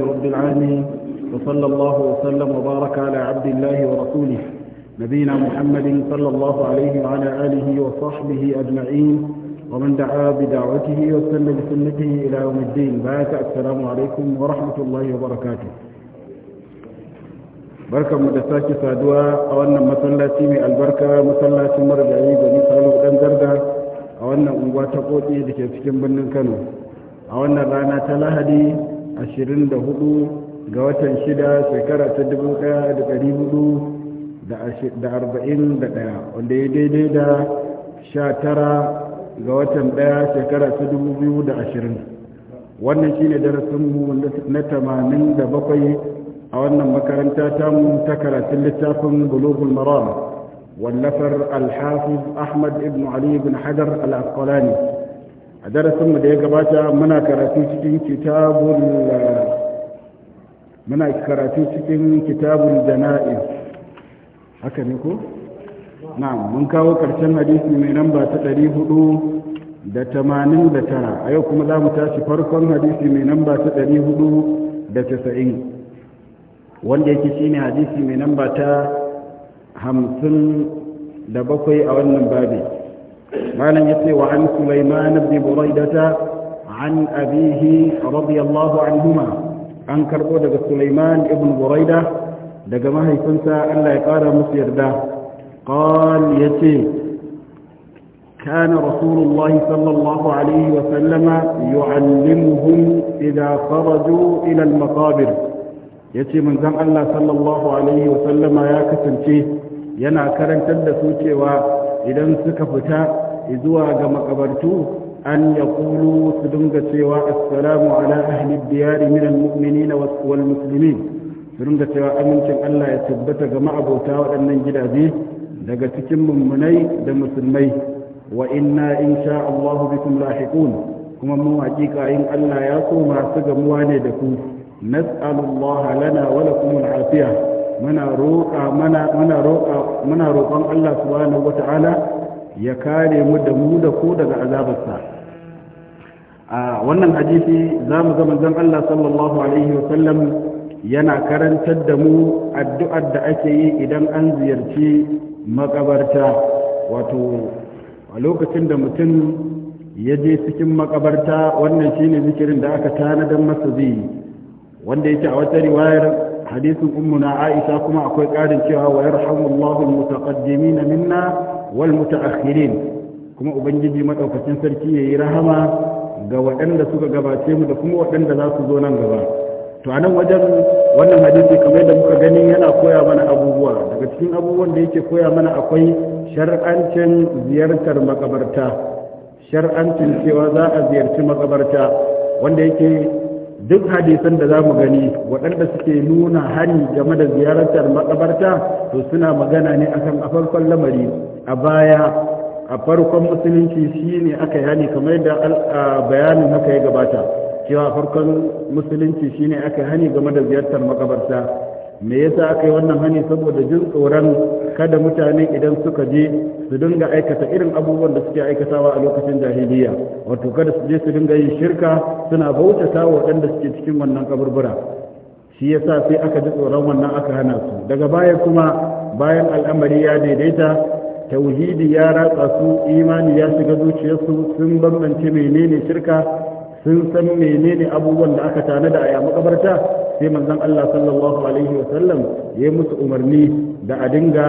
رب العالمين وصلى الله وسلم وبارك على عبد الله ورسوله نبينا محمد صلى الله عليه وعلى آله وصحبه أجمعين ومن دعا بدعوته وسن بسنته إلى يوم الدين بارك السلام عليكم ورحمة الله وبركاته بركة مدساك سادوا أولنا مسلاتي من البركة مسلاتي مرجعي بمثال الأنزردة أولنا أموات قوتي لكي تكن بنن كانوا أولنا رانا تلاهدي 24 ga watan 6 shekara ta 1441 wanda ya daidai da 19 ga watan 1 shekara ta 2020 wannan shine darasinmu na 87 a wannan makaranta mu ta karatun littafin bulogul maram wallafar alhafiz ahmad ibn ali ibn hajar al-asqalani a darasinmu da ya gabata muna karatu cikin kitabul muna karatu cikin kitabul jana'iz haka ne ko na'am mun kawo karshen hadisi mai namba ta 489 a yau kuma za mu tashi farkon hadisi mai namba ta 490 wanda yake ne hadisi mai namba ta 57 a wannan babi malam yace wa an sulaiman ibn buraidata an abihi radiyallahu anhuma an karbo daga sulaiman ibn buraida daga mahaifinsa Allah ya ƙara musu yarda قال يتي كان رسول الله صلى الله عليه وسلم يعلمهم إذا خرجوا إلى المقابر يتي من زم الله صلى الله عليه ya kasance yana karantar da su cewa. idan suka fita zuwa ga makabartu an ya kulu su dinga cewa assalamu ala ahli diyari minal mu'minina wal muslimin su dinga cewa amincin Allah ya tabbata ga ma'abota waɗannan gidaje daga cikin mummunai da musulmai wa inna insha Allah bikum lahiqun kuma mu haƙiƙa in Allah ya so masu gamuwa ne da ku nas'alullaha lana wa lakum al-afiyah muna roƙa roƙon Allah subhanahu wata'ala ya kare mu da mu da ko daga azabarsa a wannan hadisi za mu ga manzon Allah sallallahu alaihi wasallam yana karantar da mu addu'ar da ake yi idan an ziyarci makabarta wato a lokacin da mutum ya je cikin makabarta wannan shine zikirin da aka tanadar masa zai wanda yake a wata riwayar hadisin na aisha kuma akwai ƙarin cewa wa yarhamu Allahu almutaqaddimin minna wal mutaakhirin kuma ubangiji maɗaukacin sarki yayi rahama ga waɗanda suka gabace mu da kuma waɗanda za su zo nan gaba to a nan wajen wannan hadisi kamar da muka gani yana koya mana abubuwa daga cikin abubuwan da yake koya mana akwai shar'ancin ziyartar makabarta shar'ancin cewa za a ziyarci makabarta wanda yake duk hadisan da za mu gani waɗanda suke nuna hari game da ziyartar makabarta to suna magana ne akan a farkon lamari a baya a farkon musulunci shine aka yani kamar da bayanin haka ya gabata cewa farkon musulunci shine aka hani game da ziyartar makabarta me yasa aka yi wannan hani saboda jin tsoron kada mutane idan suka je su dinga aikata irin abubuwan da suke aikatawa a lokacin jahiliya wato kada su je su dinga yin shirka suna bautata wa waɗanda suke cikin wannan kaburbura shi yasa sai aka ji tsoron wannan aka hana su daga baya kuma bayan al'amari ya daidaita tauhidi ya ratsa su imani ya shiga zuciyarsu sun bambance menene shirka sun san menene abubuwan da aka tanada aya makabarta sai manzon Allah sallallahu alaihi wa sallam ya yi musu umarni da a dinga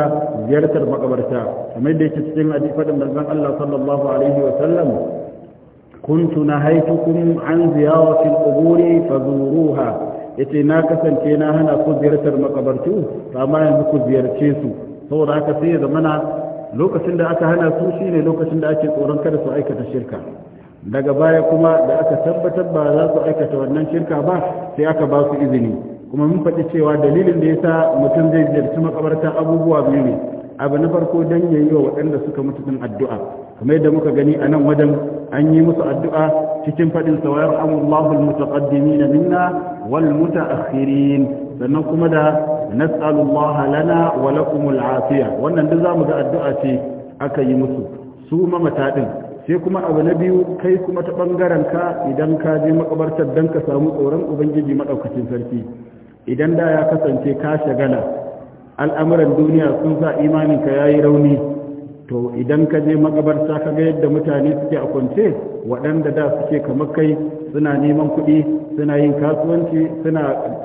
ziyartar makabarta kamar da yake cikin hadisin manzon Allah sallallahu alaihi wa sallam كنت نهيتكم عن زيارة القبور فزوروها yace na kasance na hana ku ziyartar makabartu amma yanzu ku ziyarce su saboda haka sai ya zamana lokacin da aka hana su shine lokacin da ake tsoron kada su aikata shirka daga baya kuma da aka tabbatar ba za su aikata wannan shirka ba sai aka ba su izini kuma mun faɗi cewa dalilin da yasa mutum zai ziyarci makabarta abubuwa biyu ne abu na farko dan yayi wa waɗanda suka mutu din addu'a kamar yadda muka gani a nan wajen an yi musu addu'a cikin faɗin sa wayar amullahu almutaqaddimin minna wal mutaakhirin sannan kuma da nas'alullaha lana wa lakumul afiya wannan duk zamu ga addu'a ce aka yi musu su mamata din sai kuma abu na biyu kai kuma ta bangaren ka idan ka je makabartar don ka samu tsoron ubangiji maɗaukacin sarki idan da ya kasance ka shagala al'amuran duniya sun sa imanin ka yi rauni to idan ka je makabarta ka ga yadda mutane suke a kwance waɗanda da suke kamar kai suna neman kuɗi suna yin kasuwanci suna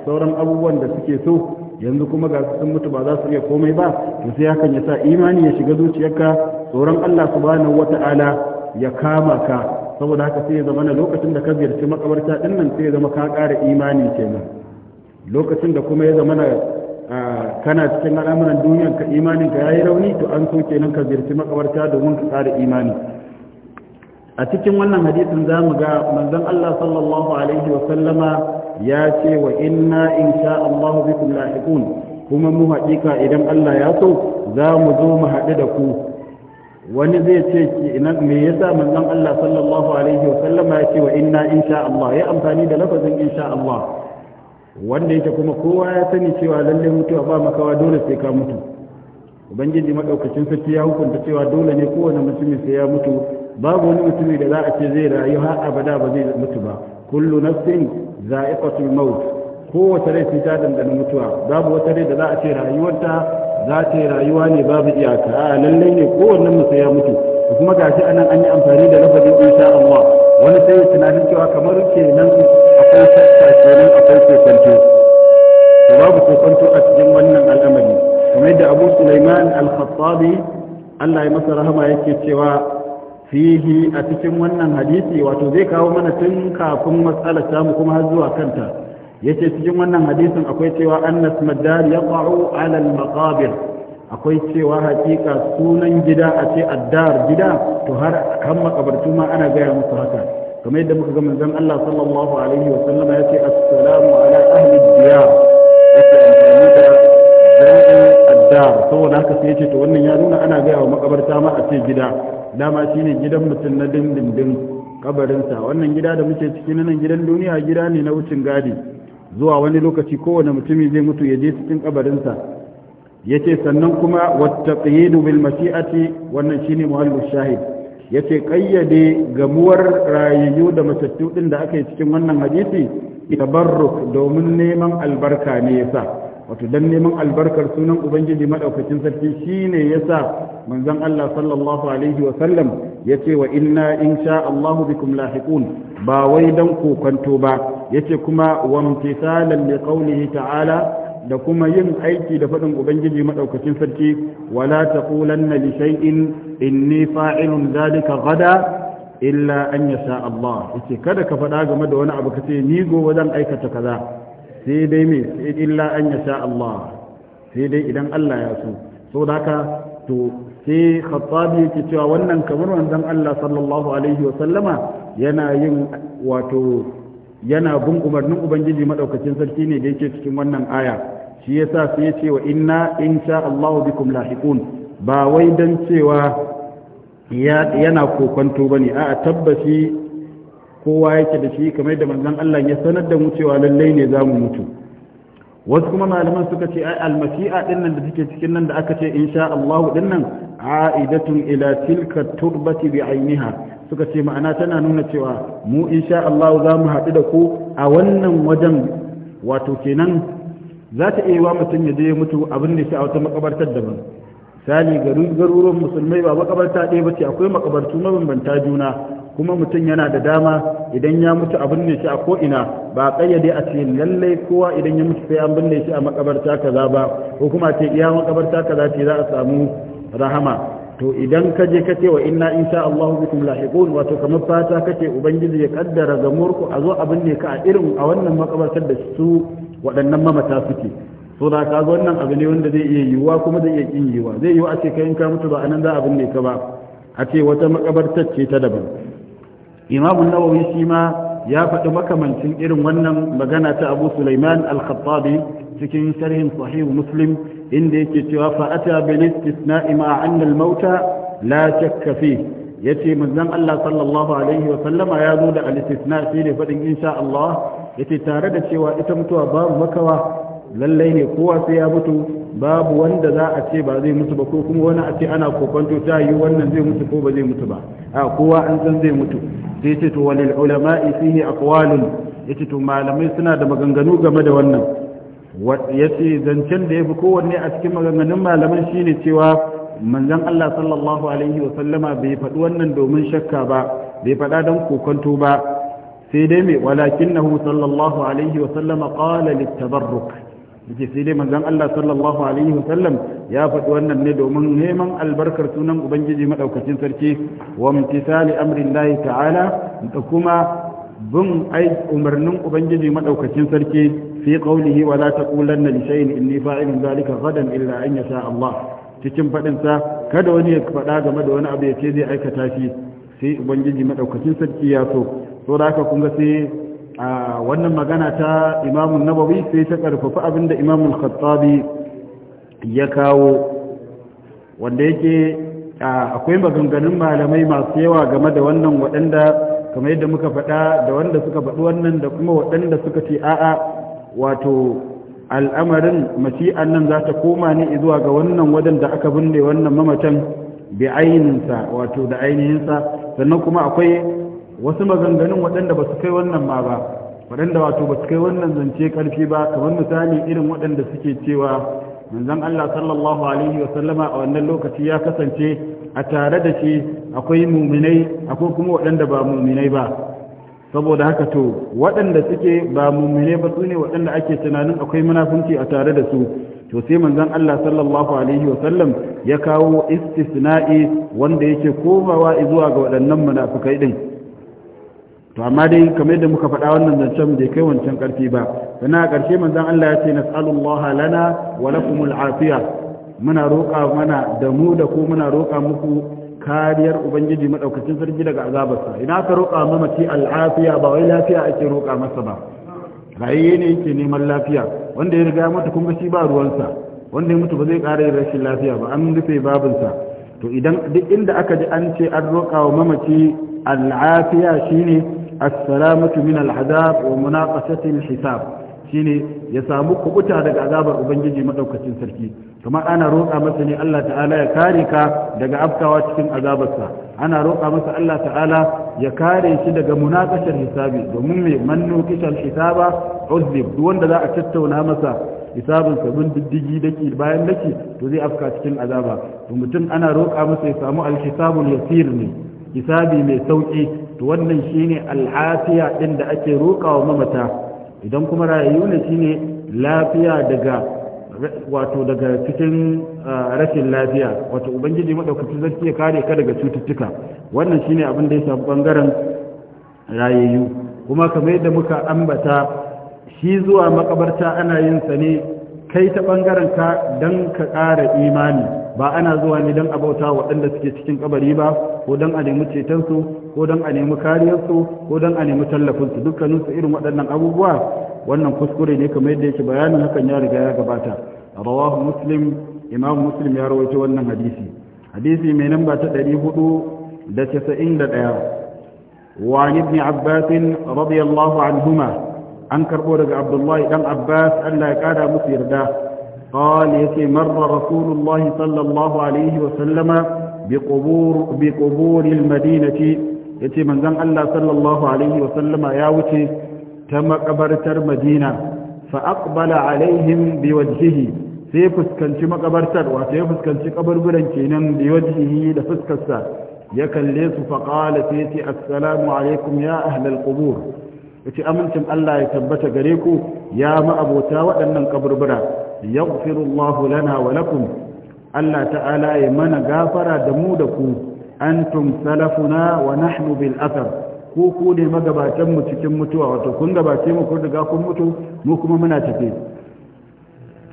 sauran abubuwan da suke so yanzu kuma ga sun mutu ba za su iya komai ba to sai hakan ya sa imani ya shiga zuciyarka tsoron Allah subhanahu wata'ala ya kama ka saboda haka sai ya zama na lokacin da ka ziyarci makabarta din nan sai ya zama ka ƙara imani kenan lokacin da kuma ya zama na kana cikin al'amuran duniyan ka imanin ka yayi rauni to an so kenan ka ziyarci makabarta domin ka ƙara imani a cikin wannan hadisin za mu ga manzon Allah sallallahu alaihi wa sallama ya ce wa inna sha Allah bikum lahiqun kuma mu haƙiƙa idan Allah ya so za mu zo mu haɗu da ku wani zai ce me yasa manzon Allah sallallahu alaihi wa ya ce wa inna insha Allah ya amfani da lafazin insha Allah wanda yake kuma kowa ya sani cewa lalle mutuwa ba makawa dole sai ka mutu ubangiji maɗaukacin sarki ya hukunta cewa dole ne kowane mutumi sai ya mutu babu wani mutumi da za a ce zai rayu har abada ba zai mutu ba kullu nafsin za'iqatul maut kowace rai sai ta dandana mutuwa babu wata rai da za a ce rayuwarta za ta yi rayuwa ne babu iyaka a lallai ne kowannen musu ya mutu da kuma gashi anan an yi amfani da lafazin insha Allah wani sai tunanin cewa kamar kenan akwai shakka kenan akwai kokonto to babu kokonto a cikin wannan al'amari kamar yadda Abu Sulaiman Al-Khattabi Allah ya masa rahama yake cewa fihi a cikin wannan hadisi wato zai kawo mana tun kafin matsalar tamu kuma har zuwa kanta yace cikin wannan hadisin akwai cewa annas madar ya ala alal maqabir akwai cewa hakika sunan gida a ce addar gida to har kan makabartu ma ana gaya musu haka kamar yadda muka ga manzon Allah sallallahu alaihi wa sallama yace assalamu ala ahli diyar addar saboda haka sai yace to wannan ya nuna ana gaya wa makabarta ma a ce gida dama shine gidan mutum na dindindin kabarinsa wannan gida da muke na nan gidan duniya gida ne na wucin gadi zuwa wani lokaci kowane mutumi zai mutu ya je cikin kabarinsa yace sannan kuma wattaqiyidu bil mashi'ati wannan shine muhallu shahid ce kayyade gamuwar rayayyu da matattu din da aka yi cikin wannan hadisi tabarruk domin neman albarka ne yasa wato dan neman albarkar sunan ubangiji madaukakin sarki shine yasa manzon Allah sallallahu alaihi wa sallam yace wa inna insha Allahu bikum lahiqun ba wai dan kokanto ba yace kuma wa imtisalan liqawlihi ta'ala da kuma yin aiki da faɗin ubangiji maɗaukacin sarki wala taqulanna li shay'in inni fa'ilun zalika gada illa an yasha Allah yace kada ka faɗa game da wani abu kace ni gobe zan aikata kaza sai dai me illa an yasha Allah sai dai idan Allah ya so saboda haka to sai khattabi yake cewa wannan kamar wanzan Allah sallallahu alaihi wa sallama yana yin wato yana bin umarnin ubangiji madaukakin sarki ne da yake cikin wannan aya shi yasa sai ya ce wa inna insha Allah bikum lahiqun ba wai dan cewa yana kokonto bane a tabbaci kowa yake da shi kamar da manzon Allah ya sanar da mu cewa lallai ne za mu mutu wasu kuma malaman suka ce ai almasi'a din da take cikin nan da aka ce insha Allah dinnan? a'idatun ila tilka turbati bi ainiha suka ce ma'ana tana nuna cewa mu insha Allah za mu haɗu da ku a wannan wajen wato kenan za ta iya wa mutum ya je mutu abin da shi a wata makabartar daban misali garuruwan musulmai ba makabarta ɗaya ba ce akwai makabartu mabambanta juna kuma mutum yana da dama idan ya mutu a binne shi a ko'ina ba a ƙayyade a ce lallai kowa idan ya mutu sai an binne shi a makabarta kaza ba ko kuma ce iya makabarta kaza ce za a samu rahama to idan ka je ka ce wa inna insha Allahu bikum lahiqun wato kamar fata ce ubangiji ya kaddara murku a zo abin ne ka a irin a wannan makabartar da su waɗannan mamata suke so da ka zo wannan abu ne wanda zai iya yiwuwa kuma zai iya kin yiwuwa zai yiwu a ce kai in ka mutu ba anan za abin ne ka ba a ce wata makabartar ce ta daban imamu nawawi shi ma ya faɗi makamancin irin wannan magana ta abu sulaiman al-khattabi cikin sharhin sahihu muslim inda yake cewa fa ata bil istisna'i ma anna al mauta la shakka fi yace manzon Allah sallallahu alaihi wa sallama ya zo da al istisna shi ne fadin insha Allah yace tare da cewa ita mutuwa babu makawa lallai ne kowa sai ya mutu babu wanda za a ce ba zai mutu ba ko kuma wani a ce ana kokonto ta yi wannan zai mutu ko ba zai mutu ba a kowa an san zai mutu sai ce to walil ulama'i fihi aqwalun yace to malamai suna da maganganu game da wannan ya ce zancen da ya fi kowanne a cikin maganganun malaman shine cewa manzan Allah sallallahu alaihi wa sallama bai faɗi wannan domin shakka ba bai faɗa don kokonto ba sai dai mai walakin nahu sallallahu alaihi wa sallama qala littabarruk yake sai dai manzan Allah sallallahu alaihi wa sallam ya faɗi wannan ne domin neman albarkar sunan ubangiji madaukakin sarki wa imtisali amrillahi ta'ala da kuma bin umarnin ubangiji madaukakin sarki fi qawlihi wa la taqulanna li shay'in inni fa'ilun dhalika gadan illa an yasha Allah cikin fadin sa kada wani ya fada game da wani abu ya ce zai aikata shi sai ubangiji madaukakin sarki ya so to da haka kun ga sai wannan magana ta Imam Nawawi sai ta karfafa abinda Imam Al-Khattabi ya kawo wanda yake akwai maganganun malamai masu yawa game da wannan waɗanda kamar yadda muka faɗa da wanda suka faɗi wannan da kuma waɗanda suka ce a'a wato al'amarin masi'an nan za ta koma ne zuwa ga wannan wadan da aka binne wannan mamatan bi ainihinsa wato da ainihinsa sannan kuma akwai wasu maganganun waɗanda ba su kai wannan ma ba waɗanda wato ba su kai wannan zance ƙarfi ba kamar misali irin waɗanda suke cewa manzon Allah sallallahu alaihi wasallama a wannan lokaci ya kasance a tare da shi akwai muminai akwai kuma waɗanda ba muminai ba saboda haka to waɗanda suke ba mummune ba su ne waɗanda ake tunanin akwai munafunci a tare da su to sai manzon Allah sallallahu alaihi wa sallam ya kawo istisna'i wanda yake komawa zuwa ga waɗannan munafukai din to amma dai kamar yadda muka faɗa wannan zancen bai kai wancan ƙarfi ba sannan a ƙarshe manzon Allah ya ce nas'alullaha lana wa lakumul afiya muna roƙa mana da mu da ko muna roƙa muku kariyar ubangiji madaukakin sarki daga azabarsa ina ka roƙa mamaci al'afiya ba wai lafiya ake roƙa masa ba rayayye ne yake neman lafiya wanda ya riga mata kuma shi ba ruwansa wanda ya mutu ba zai ƙara yin rashin lafiya ba an rufe babinsa to idan duk inda aka ji an ce an roƙa wa mamaci al'afiya shine as-salamatu min al-hadab wa munaqashati hisab shine ya samu kubuta daga azabar ubangiji madaukakin sarki kamar ana roƙa masa ne Allah ta'ala ya kare ka daga afkawa cikin azabarsa ana roƙa masa Allah ta'ala ya kare shi daga munakashar hisabi domin mai manno kishar hisaba uzlib duk wanda za a tattauna masa hisabin sabon diddigi daki bayan daki to zai afka cikin azaba to mutum ana roƙa masa ya samu alhisabul yasir ne hisabi mai sauki to wannan shine al'afiya din da ake roƙa wa mamata idan kuma rayu ne shine lafiya daga wato daga cikin rashin lafiya wato ubangiji madaukakin zai iya kare ka daga cututtuka wannan shine abin da ya shafi bangaren rayayyu kuma kamar yadda muka ambata shi zuwa makabarta ana yin sa ne kai ta bangaren ka dan ka ƙara imani ba ana zuwa ne don abauta waɗanda suke cikin kabari ba ko don a nemi cetonsu ko don a nemi kariyarsu ko don a nemi tallafinsu dukkaninsu irin waɗannan abubuwa wannan kuskure ne kamar yadda yake bayanin hakan ya riga ya gabata rawahu muslim imam muslim ya rawaito wannan hadisi hadisi mai namba ta ɗari da casa'in da ɗaya. Wani عباس رضي radiyallahu anhuma an karɓo daga Abdullahi ɗan Abbas? Allah ya ƙara musu yarda. قال يتي مر رسول الله صلى الله عليه وسلم بقبور, بقبور المدينة يتي من ذن الله صلى الله عليه وسلم ياوتي تم قبرتر مدينة فأقبل عليهم بوجهه sai fuskanci makabartar wato ya fuskanci kaburburan kenan bi da fuskarsa ya kalle su fa qala sai ce assalamu alaikum ya ahlal qubur yace amincin Allah ya tabbata gare ku ya abota waɗannan kaburbura yaghfiru Allahu lana wa lakum Allah ta'ala ya mana gafara da mu da ku antum salafuna wa nahnu bil athar ku ku ne magabatan mu cikin mutuwa wato kun gabace mu kun riga kun mutu mu kuma muna tafe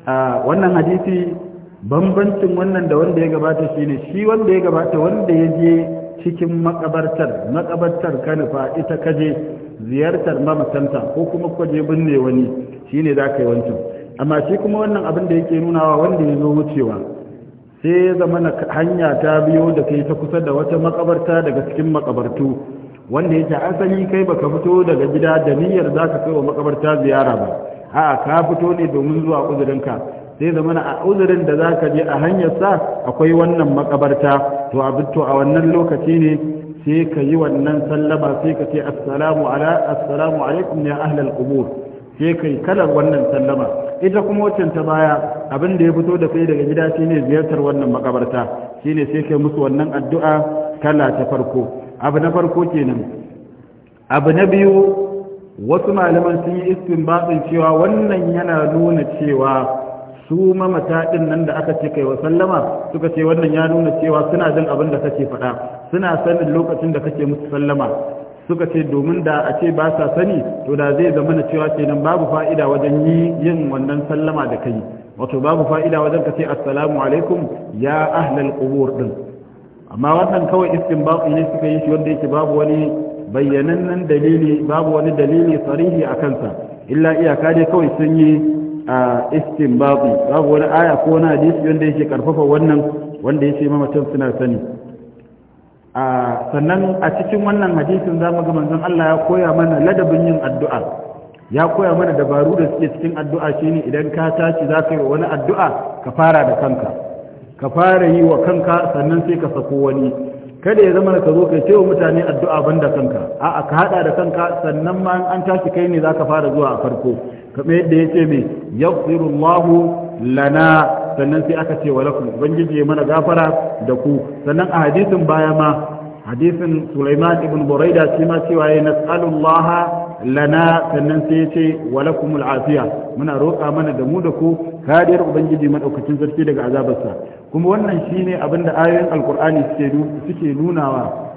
a wannan hadisi bambancin wannan da wanda ya gabata shine shi wanda ya gabata wanda ya je cikin makabartar makabartar kanufa ita kaje ziyartar mamatanta ko kuma kwaje binne wani shine za ka yi wancan amma shi kuma wannan abin da yake nunawa wanda ya zo wucewa sai ya zama na hanya ta biyo da kai ta kusa da wata makabarta daga cikin makabartu wanda yake asali kai baka fito daga gida da niyyar za ka kai wa makabarta ziyara ba a ka fito ne domin zuwa uzurinka sai zama na uzurin da za ka je a hanyar sa akwai wannan makabarta to a abinto a wannan lokaci ne sai ka yi wannan sallama sai ka ce assalamu alaikum ya ahlal kubur. sai kai kalar wannan sallama ita kuma waccan ta baya abin da ya fito da kai daga gida shine ziyartar wannan makabarta shine sai kai musu wannan addu'a kala ta farko abu na farko kenan abu na biyu wasu malaman sun yi istinbatin cewa wannan yana nuna cewa su mamata din nan da aka ce kai wa sallama suka ce wannan ya nuna cewa suna jin abin da kake faɗa suna sanin lokacin da kake musu sallama suka ce domin da a ce ba sa sani to da zai zama na cewa kenan babu fa'ida wajen yi yin wannan sallama da kai wato babu fa'ida wajen ka ce assalamu alaikum ya ahlal qubur din amma wannan kawai istinbati ne suka yi shi wanda yake babu wani bayyanannen dalili babu wani dalili sarihi a kansa illa iyaka dai kawai sun yi istinbati babu wani aya ko wani hadisi wanda yake karfafa wannan wanda yake mamacin suna sani sannan a cikin wannan hadisin za mu ga manzon Allah ya koya mana ladabin yin addu'a ya koya mana dabaru da suke cikin addu'a shi ne idan ka tashi za ka yi wani addu'a ka fara da kanka ka fara yi wa kanka sannan sai ka sako wani kada ya zama ka zo kai wa mutane addu'a banda kanka a'a ka hada da kanka sannan ma an tashi kai ne za ka fara zuwa a farko kamar yadda ya ce mai yaghfirullahu lana sannan sai aka ce walakum ubangiji mana gafara da ku sannan a hadisin baya ma hadisin Sulaiman ibn Buraida shi ma cewa ya nas'alullaha lana sannan sai ya ce walakumul afiya muna roƙa mana da mu da ku kariyar ubangiji madaukakin sarki daga azabarsa kuma wannan shine abin da ayoyin alkur'ani suke suke nunawa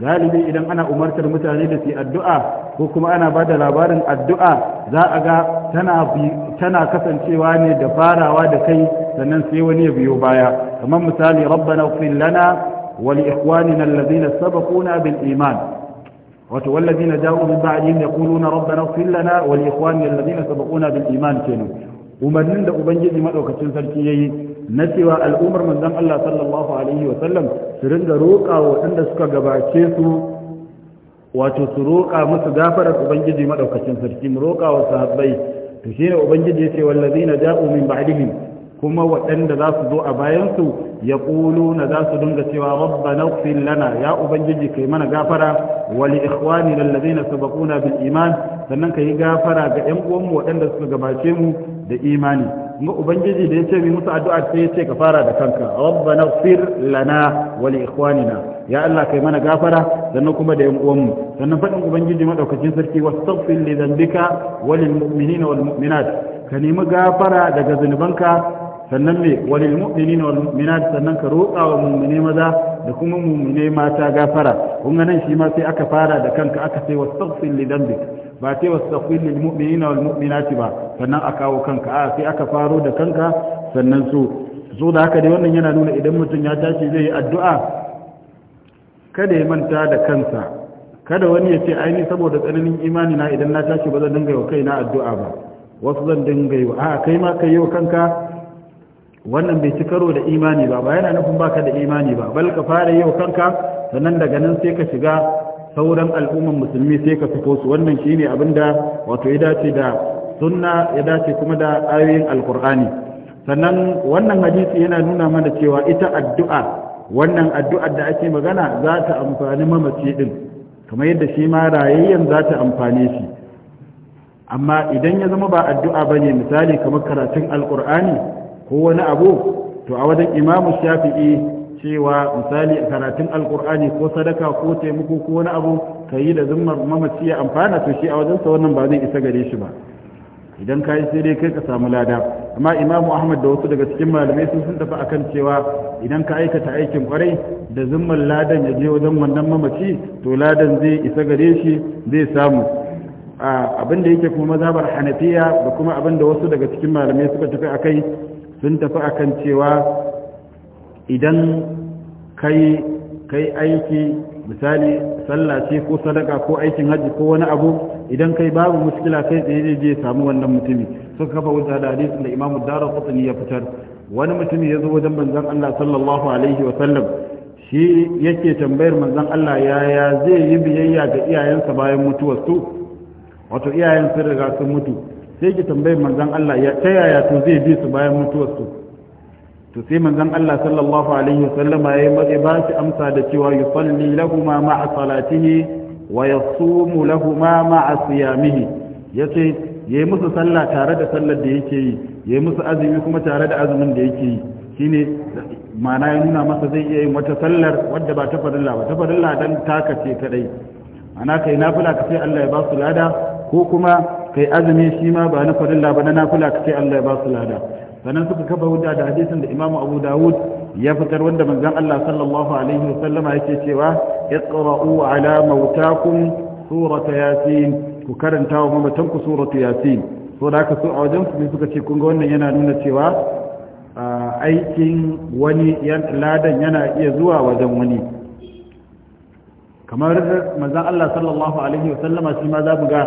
galibi idan ana umartar mutane da su addu'a ko kuma ana ba da labarin addu'a za a ga tana kasancewa ne da farawa da kai sannan sai wani ya biyo baya kamar misali rabbana ighfir lana wa li ikhwanina alladhina sabaquna bil iman wato walladhina ja'u min ba'dihim yaquluna rabbana ighfir lana wa li ikhwanina alladhina sabaquna bil iman kenan umarnin da ubangiji madaukakin sarki yayi na cewa al'ummar manzon Allah sallallahu alaihi wa sallam su ringa roƙa wa waɗanda suka gabace su wato su roƙa musu gafarar ubangiji maɗaukacin sarki mu roƙa wa sahabbai to shine ubangiji yace wallazina ja'u min ba'dihim kuma waɗanda za su zo a bayansu ya ƙulu na za su dinga cewa rabba na lana ya ubangiji kai mana gafara wali ikhwani lallazai na sabakuna bil iman sannan ka yi gafara ga 'yan uwanmu waɗanda suka gabace mu da imani kuma ubangiji da ya ce mai musu addu'a sai ya ce ka fara da kanka rabbana fir lana wa li ikhwanina ya Allah kai mana gafara sannan kuma da yan uwan mu sannan fadin ubangiji madaukakin sarki wastaghfir li dhanbika wa lil mu'minina wal mu'minat ka nemi gafara daga zunubanka sannan me walil mu'minina wal mu'minat sannan ka roƙa wa mu'mine maza da kuma mu'mine mata gafara kun ga nan shi ma sai aka fara da kanka aka sai wastaghfir li dhanbika ba sai wastaqil lil mu'minina wal mu'minati ba sannan a kawo kanka a sai aka faro da kanka sannan su so da haka dai wannan yana nuna idan mutum ya tashi zai yi addu'a kada ya manta da kansa kada wani ya ce aini saboda tsananin imani na idan na tashi ba zan dinga yi wa kaina addu'a ba wasu zan dinga yi wa a kai ma kai yi wa kanka wannan bai ci karo da imani ba ba yana nufin baka da imani ba bal ka fara yi wa kanka sannan daga nan sai ka shiga sauran al'umman musulmi sai ka fito su wannan shine abin da wato ya dace da sunna ya dace kuma da ayoyin alkur'ani sannan wannan hadisi yana nuna mana cewa ita addu'a wannan addu'ar da ake magana za ta amfani mamaci din kamar yadda shi ma rayayyen za ta amfane shi amma idan ya zama ba addu'a ba ne misali kamar karatun alkur'ani ko wani abu to a wajen imamu shafi'i cewa misali karatun alkur'ani ko sadaka ko taimako ko wani abu ka yi da zimmar mamaci ya amfana to shi a wajensa wannan ba zai isa gare shi ba idan ka yi sai dai kai ka samu lada amma imamu ahmad da wasu daga cikin malamai sun sun tafi akan cewa idan ka aikata aikin kwarai da zimmar ladan ya je wajen wannan mamaci to ladan zai isa gare shi zai samu abin da yake kuma mazhabar hanafiya da kuma abin da wasu daga cikin malamai suka tafi akai sun tafi akan cewa idan kai kai aiki misali sallah ce ko sadaka ko aikin hajji ko wani abu idan kai babu muskila kai tsaye zai je samu wannan mutumi suka kafa wuta da hadisin da imamu darar kutsuni ya fitar wani mutumi ya zo wajen manzan Allah sallallahu alaihi wa sallam shi yake tambayar manzan Allah yaya zai yi biyayya ga iyayensa bayan mutuwar su wato iyayen sun riga sun mutu sai ki tambayar manzan Allah ta yaya to zai bi su bayan mutuwar su to sai manzon Allah sallallahu alaihi wasallama ya ba shi amsa da cewa yusalli lahuma ma'a salatihi wa yasumu lahuma ma'a siyamihi yace yayi musu sallah tare da sallar da yake yi yayi musu azumi kuma tare da azumin da yake yi shine ma'ana ya nuna masa zai iya yin wata sallar wadda ba ta farilla ba ta farilla dan taka ce kadai ana kai nafila ka Allah ya ba su lada ko kuma kai azumi shi ma ba na farilla ba na nafila ka Allah ya ba su lada sannan suka kafa hujja da hadisin da Imam Abu Dawud ya fitar wanda manzon Allah sallallahu alaihi wasallama yake cewa iqra'u ala mautakum surata yasin ku karanta wa mamatanku suratu yasin so da aka su a wajen su suka ce kun ga wannan yana nuna cewa aikin wani ladan yana iya zuwa wajen wani kamar manzon Allah sallallahu alaihi wasallama shi ma za mu ga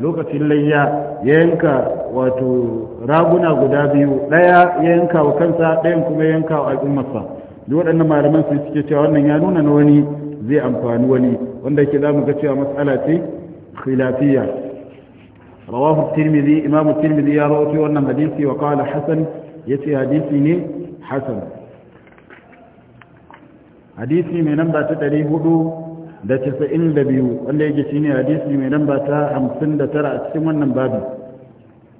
lokacin layya yanka wato raguna guda biyu ɗaya ya yanka wa kansa ɗayan kuma ya yanka wa al'ummarsa duk waɗannan malaman su suke cewa wannan ya nuna na wani zai amfani wani wanda yake za mu ga cewa matsala ce khilafiyya rawahu tirmidhi imamu tirmidhi ya rawaito wannan hadisi wa qala hasan yace hadisi ne hasan hadisi mai namba ta da da biyu wanda yake shine hadisi mai namba ta hamsin tara a cikin wannan babu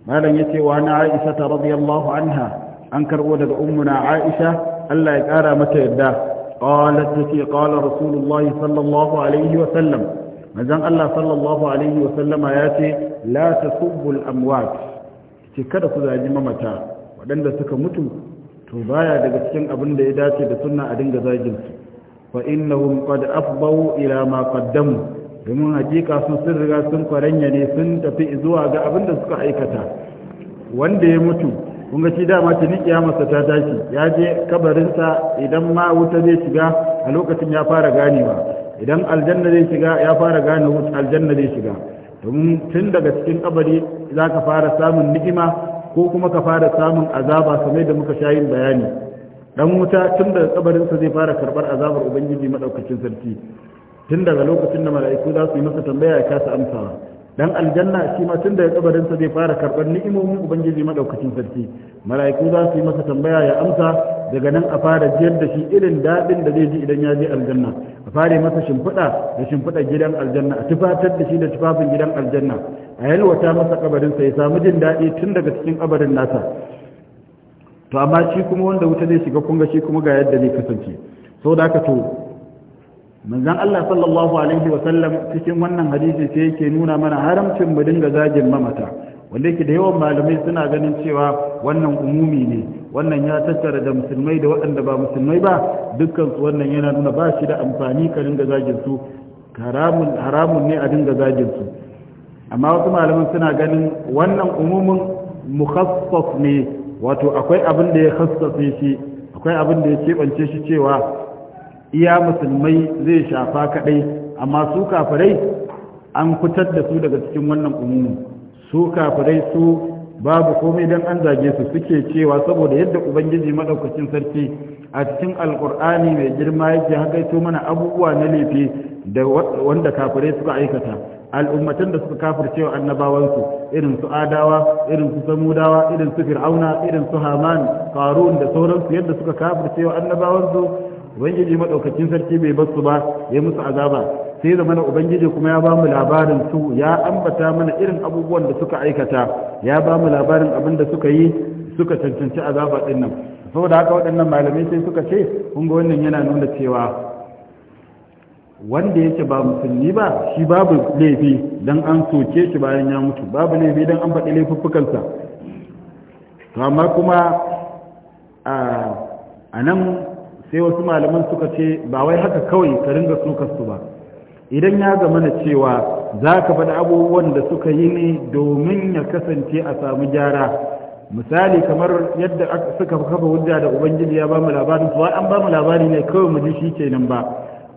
malam ce, wa na Aisha ta radiyallahu anha an karbo daga ummuna Aisha Allah ya kara mata yadda qalat tace qala rasulullahi sallallahu alaihi wa sallam manzon Allah sallallahu alaihi wa sallama yace la tasubbu al-amwat ki kada ku zaji mamata waɗanda suka mutu to baya daga cikin abin da ya dace da sunna a dinga zagin su fa innahum qad afdaw ila ma qaddamu domin hakika sun sun riga sun kwaranya ne sun tafi zuwa ga abin da suka aikata wanda ya mutu kun ga shi dama tuni masa ta tashi ya je kabarinsa idan ma wuta zai shiga a lokacin ya fara ganewa idan aljanna zai shiga ya fara gane aljanna zai shiga domin tun daga cikin kabari za ka fara samun ni'ima ko kuma ka fara samun azaba kamar da muka sha yin bayani dan wuta tun daga kabarinsa zai fara karbar azabar ubangiji madaukakin sarki tun daga lokacin da mala'iku za su yi masa tambaya ya kasa amsawa dan aljanna shi ma tun daga kabarin sa zai fara karban ni'imomin ubangiji madaukakin sarki mala'iku za su yi masa tambaya ya amsa daga nan a fara jiyar da shi irin daɗin da zai ji idan ya je aljanna a fara masa shimfiɗa da shimfiɗa gidan aljanna a tufatar da shi da tufafin gidan aljanna a yalwata masa kabarin ya samu jin daɗi tun daga cikin kabarin nasa to amma shi kuma wanda wuta zai shiga kunga shi kuma ga yadda zai kasance sau da aka to manzon Allah sallallahu alaihi wa sallam cikin wannan hadisi sai yake nuna mana haramcin mu dinga zagin mamata wanda yake da yawan malamai suna ganin cewa wannan umumi ne wannan ya tattara da musulmai da waɗanda ba musulmai ba dukkan su wannan yana nuna ba shi da amfani ka dinga zagin su haramun ne a dinga zagin su amma wasu malaman suna ganin wannan umumin mukhaffaf ne wato akwai abin da ya khassace shi akwai abin da ya keɓance shi cewa iya musulmai zai shafa kadai amma su kafirai an fitar da su daga cikin wannan umumin su kafirai su babu komai don an zage su suke cewa saboda yadda ubangiji maɗaukacin sarki a cikin alkur'ani mai girma yake hakaito mana abubuwa na laifi da wanda kafirai suka aikata al'ummatan da suka kafirce annabawansu irin su adawa irin su samudawa irin su fir'auna irin su haman qarun da sauransu yadda suka kafirce wa annabawansu ubangiji madaukakin sarki bai basu ba ya musu azaba sai da mana ubangiji kuma ya bamu labarin su ya ambata mana irin abubuwan da suka aikata ya bamu labarin abin da suka yi suka cancanci azaba din nan saboda haka waɗannan malamai sai suka ce kun ga wannan yana nuna cewa wanda yake ba musulmi ba shi babu laifi dan an soke shi bayan ya mutu babu laifi dan an faɗi laifuffukansa to amma kuma a nan sai wasu malaman suka ce ba wai haka kawai ka ringa sukar su ba idan ya zama na cewa za ka faɗi abubuwan da suka yi ne domin ya kasance a samu gyara misali kamar yadda suka kafa hujja da ubangiji ya ba mu labarin su an ba mu labari ne kawai mu ji shi kenan ba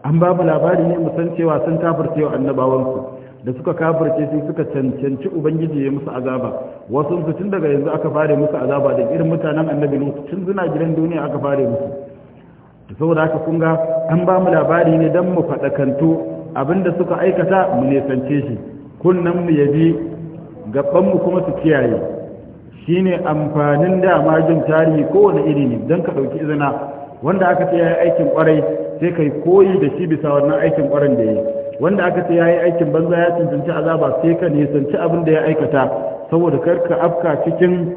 an ba mu labari ne mu san cewa sun kafirce wa annabawansu da suka kafirce sai suka cancanci ubangiji ya musu azaba wasu su tun daga yanzu aka fare musu azaba da irin mutanen annabi tun suna gidan duniya aka fare musu da saboda haka kun an ba mu labari ne don mu faɗakantu abinda suka aikata mu nesance shi kunnan mu yabi gaban mu kuma su kiyaye shine amfanin dama jin tarihi kowane iri ne don ka ɗauki izina wanda aka ce yayi aikin kwarai sai kai koyi da shi bisa wannan aikin kwarin da yi wanda aka ce yayi aikin banza ya cancanci azaba sai ka nisanci abin da ya aikata saboda karka afka cikin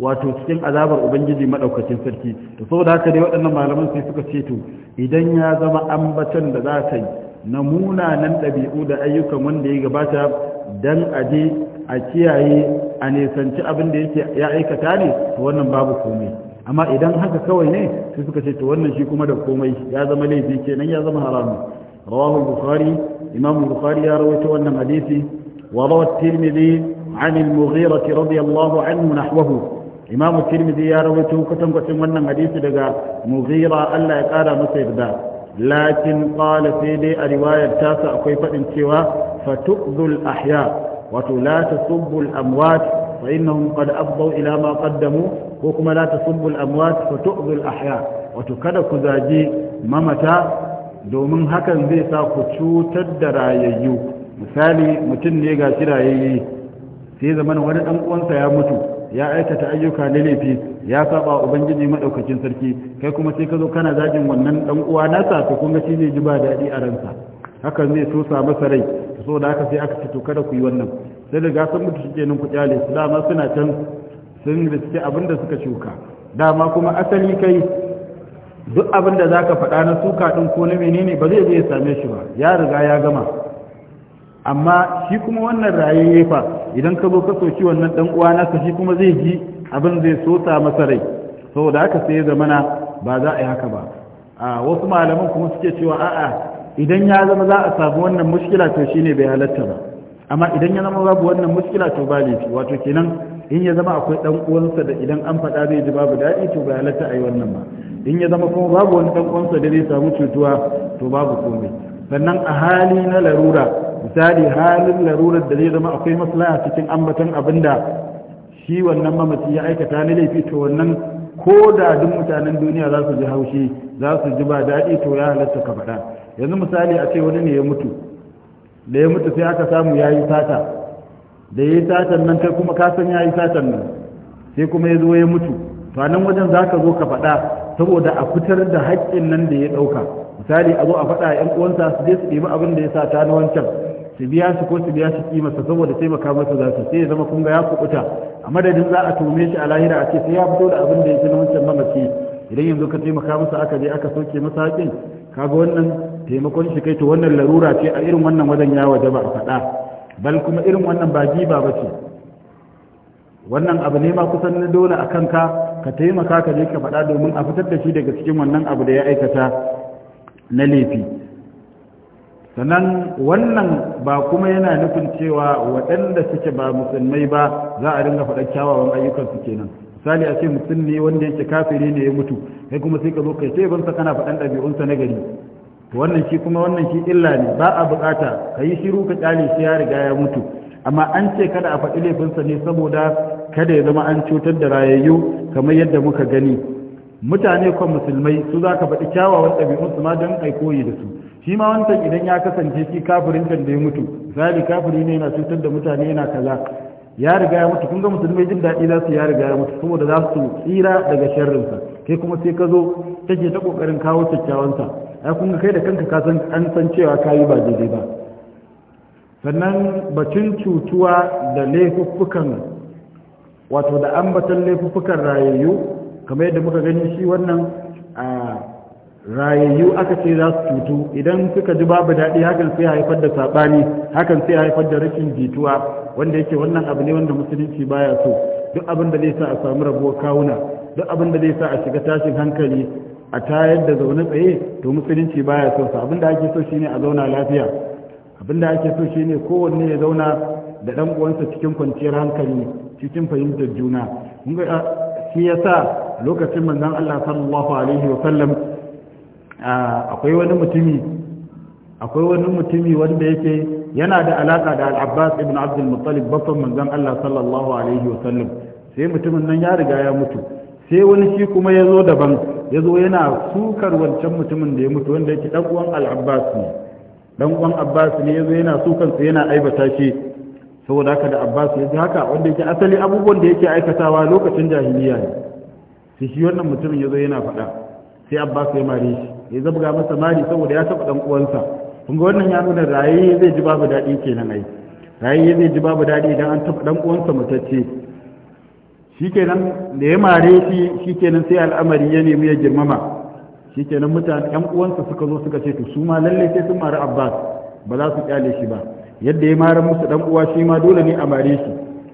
wato cikin azabar ubangiji madaukakin sarki to saboda haka dai waɗannan malaman sai suka ce to idan ya zama ambaton da za ta yi na munanan ɗabi'u da ayyukan wanda ya gabata dan aje a kiyaye a nisanci abin da yake ya aikata ne to wannan babu komai amma idan haka kawai ne sai suka ce to wannan shi kuma da komai ya zama laifi kenan ya zama haramu rawahu bukhari imam bukhari ya rawaito wannan hadisi wa rawat tirmidhi عن المغيرة رضي الله عنه نحوه imam tirmidhi ya rawaito kutan kwacin wannan hadisi daga mughira Allah ya kara masa yarda lakin qala sai dai a riwayar tasa akwai fadin cewa fatu'dhul ahya wato la tasubbul amwat fa innahum qad afdaw ila ma qaddamu ko kuma la tasubbul amwat fatu'dhul ahya wato kada ku zaje mamata domin hakan zai sa ku cutar da rayayyu misali mutum ne ga shi rayayye sai zaman wani ɗan uwansa ya mutu ya aikata ayyuka na laifi ya saba ubangiji maɗaukacin sarki kai kuma sai ka zo kana zagin wannan dan uwa nasa to kuma shi zai ji ba daɗi a ransa hakan zai so masa rai so da haka sai aka ce to kada ku yi wannan sai daga sun mutu shi kenan ku kyale su dama suna can sun riske abin da suka shuka dama kuma asali kai duk abin da ka faɗa na suka ɗin ko na menene ba zai je ya same shi ba ya riga ya gama amma shi kuma wannan rayayye fa idan ka zo ka soki wannan dan uwa nasa shi kuma zai ji abin zai sota masa rai saboda haka sai ya zamana ba za a yi haka ba a wasu malaman kuma suke cewa a'a idan ya zama za a samu wannan mushkila to shine bai halatta ba amma idan ya zama babu wannan mushkila to ba laifi wato kenan in ya zama akwai dan uwansa da idan an faɗa zai ji babu daɗi to bai halatta a yi wannan ba in ya zama kuma babu wani dan uwansa da zai samu cutuwa to babu komai sannan a hali na larura misali halin larurar da zai zama akwai maslaha cikin ambatan abinda shi wannan mamaci ya aikata na laifi to wannan ko da duk mutanen duniya za su ji haushi za su ji ba daɗi to ya halatta ka faɗa yanzu misali a ce wani ne ya mutu da ya mutu sai aka samu ya yi sata da ya yi satan nan kai kuma ka san ya yi satan nan sai kuma ya zo ya mutu to a nan wajen za ka zo ka faɗa saboda a fitar da haƙƙin nan da ya ɗauka misali a zo a faɗa ‘yan uwansa su je su ɗebi abin da ya sa ta na wancan su biya shi ko su biya shi kimarsa saboda taimaka masa za su sai ya zama kunga ya kuɓuta a madadin za a tume shi a lahira a ce sai ya fito da abin da ya ci na wancan mamaki. idan yanzu ka taimaka masa aka je aka sauke masa haƙƙin kaga wannan taimakon shi kai to wannan larura ce a irin wannan wajen ya waje ba a faɗa bal kuma irin wannan ba giba ba ce wannan abu ne ma kusan na dole a kanka ka taimaka ka je ka faɗa domin a fitar da shi daga cikin wannan abu da ya aikata na laifi sannan wannan ba kuma yana nufin cewa waɗanda suke ba musulmai ba za a dinga faɗa kyawawan ayyukansu kenan misali a ce mutum ne wanda yake kafiri ne ya mutu kai kuma sai ka zo kai sai bansa kana faɗan ɗabi'unsa na gari wannan shi kuma wannan shi illa ne ba a buƙata ka yi shiru ka ƙyale shi ya riga ya mutu amma an ce kada a faɗi laifinsa ne saboda kada ya zama an cutar da rayayyu kamar yadda muka gani mutane kwan musulmai su za ka faɗi kyawawan ɗabi'un su ma don ai koyi da su shi ma wancan idan ya kasance shi kafirin kan da ya mutu misali kafiri ne yana cutar da mutane yana kaza ya riga ya mutu kun ga musulmai jin daɗi za su ya riga ya mutu saboda za su tsira daga sharrinsa kai kuma sai ka zo take ta kokarin kawo kyakkyawansa ai kun ga kai da kanka ka san an san cewa ka yi ba daidai ba sannan batun cutuwa da laifuffukan wato da ambatan laifukan rayayyu kamar yadda muka gani shi wannan a rayayyu aka ce za su cutu idan suka ji babu daɗi hakan sai haifar da saɓani hakan sai haifar da rashin jituwa wanda yake wannan abu ne wanda musulunci baya so duk abin da zai sa a samu rabuwar kawuna duk abin da zai sa a shiga tashin hankali a tayar da zaune tsaye to musulunci baya son sa abin da ake so shine a zauna lafiya abin da ake so shine kowanne ya zauna da ɗan uwansa cikin kwanciyar hankali cikin fahimtar juna ah, shi ya sa lokacin manzan Allah sallallahu Alaihi sallam ah, akwai wani mutumi akwai wani mutumi wanda yake yana da alaka da al'abbas ibn abdul muttalib babban manzan Allah sallallahu Alaihi wa sallam. sai mutumin nan ya riga ya mutu sai wani shi kuma ya zo daban ya zo yana sukar wancan mutumin da ya mutu wanda yake ɗan'uwan al'abbas ne uwan abbas ne ya zo yana su yana aibata shi saboda haka da abbas ya ji haka wanda yake asali abubuwan da yake aikatawa lokacin jahiliya ne sai shi wannan mutumin ya zo yana faɗa sai abbas ya mare shi ya zabga masa mari saboda ya taɓa ɗan uwansa kun ga wannan ya nuna raye zai ji babu daɗi kenan ai raye zai ji babu daɗi idan an taɓa ɗan uwansa matacce shikenan da ya mare shi shikenan sai al'amari ya nemi ya girmama shikenan mutane yan uwansa suka zo suka ce to su ma lallai sai sun mari abbas ba za su kyale shi ba yadda ya mara musu dan uwa shi ma dole ne a mare shi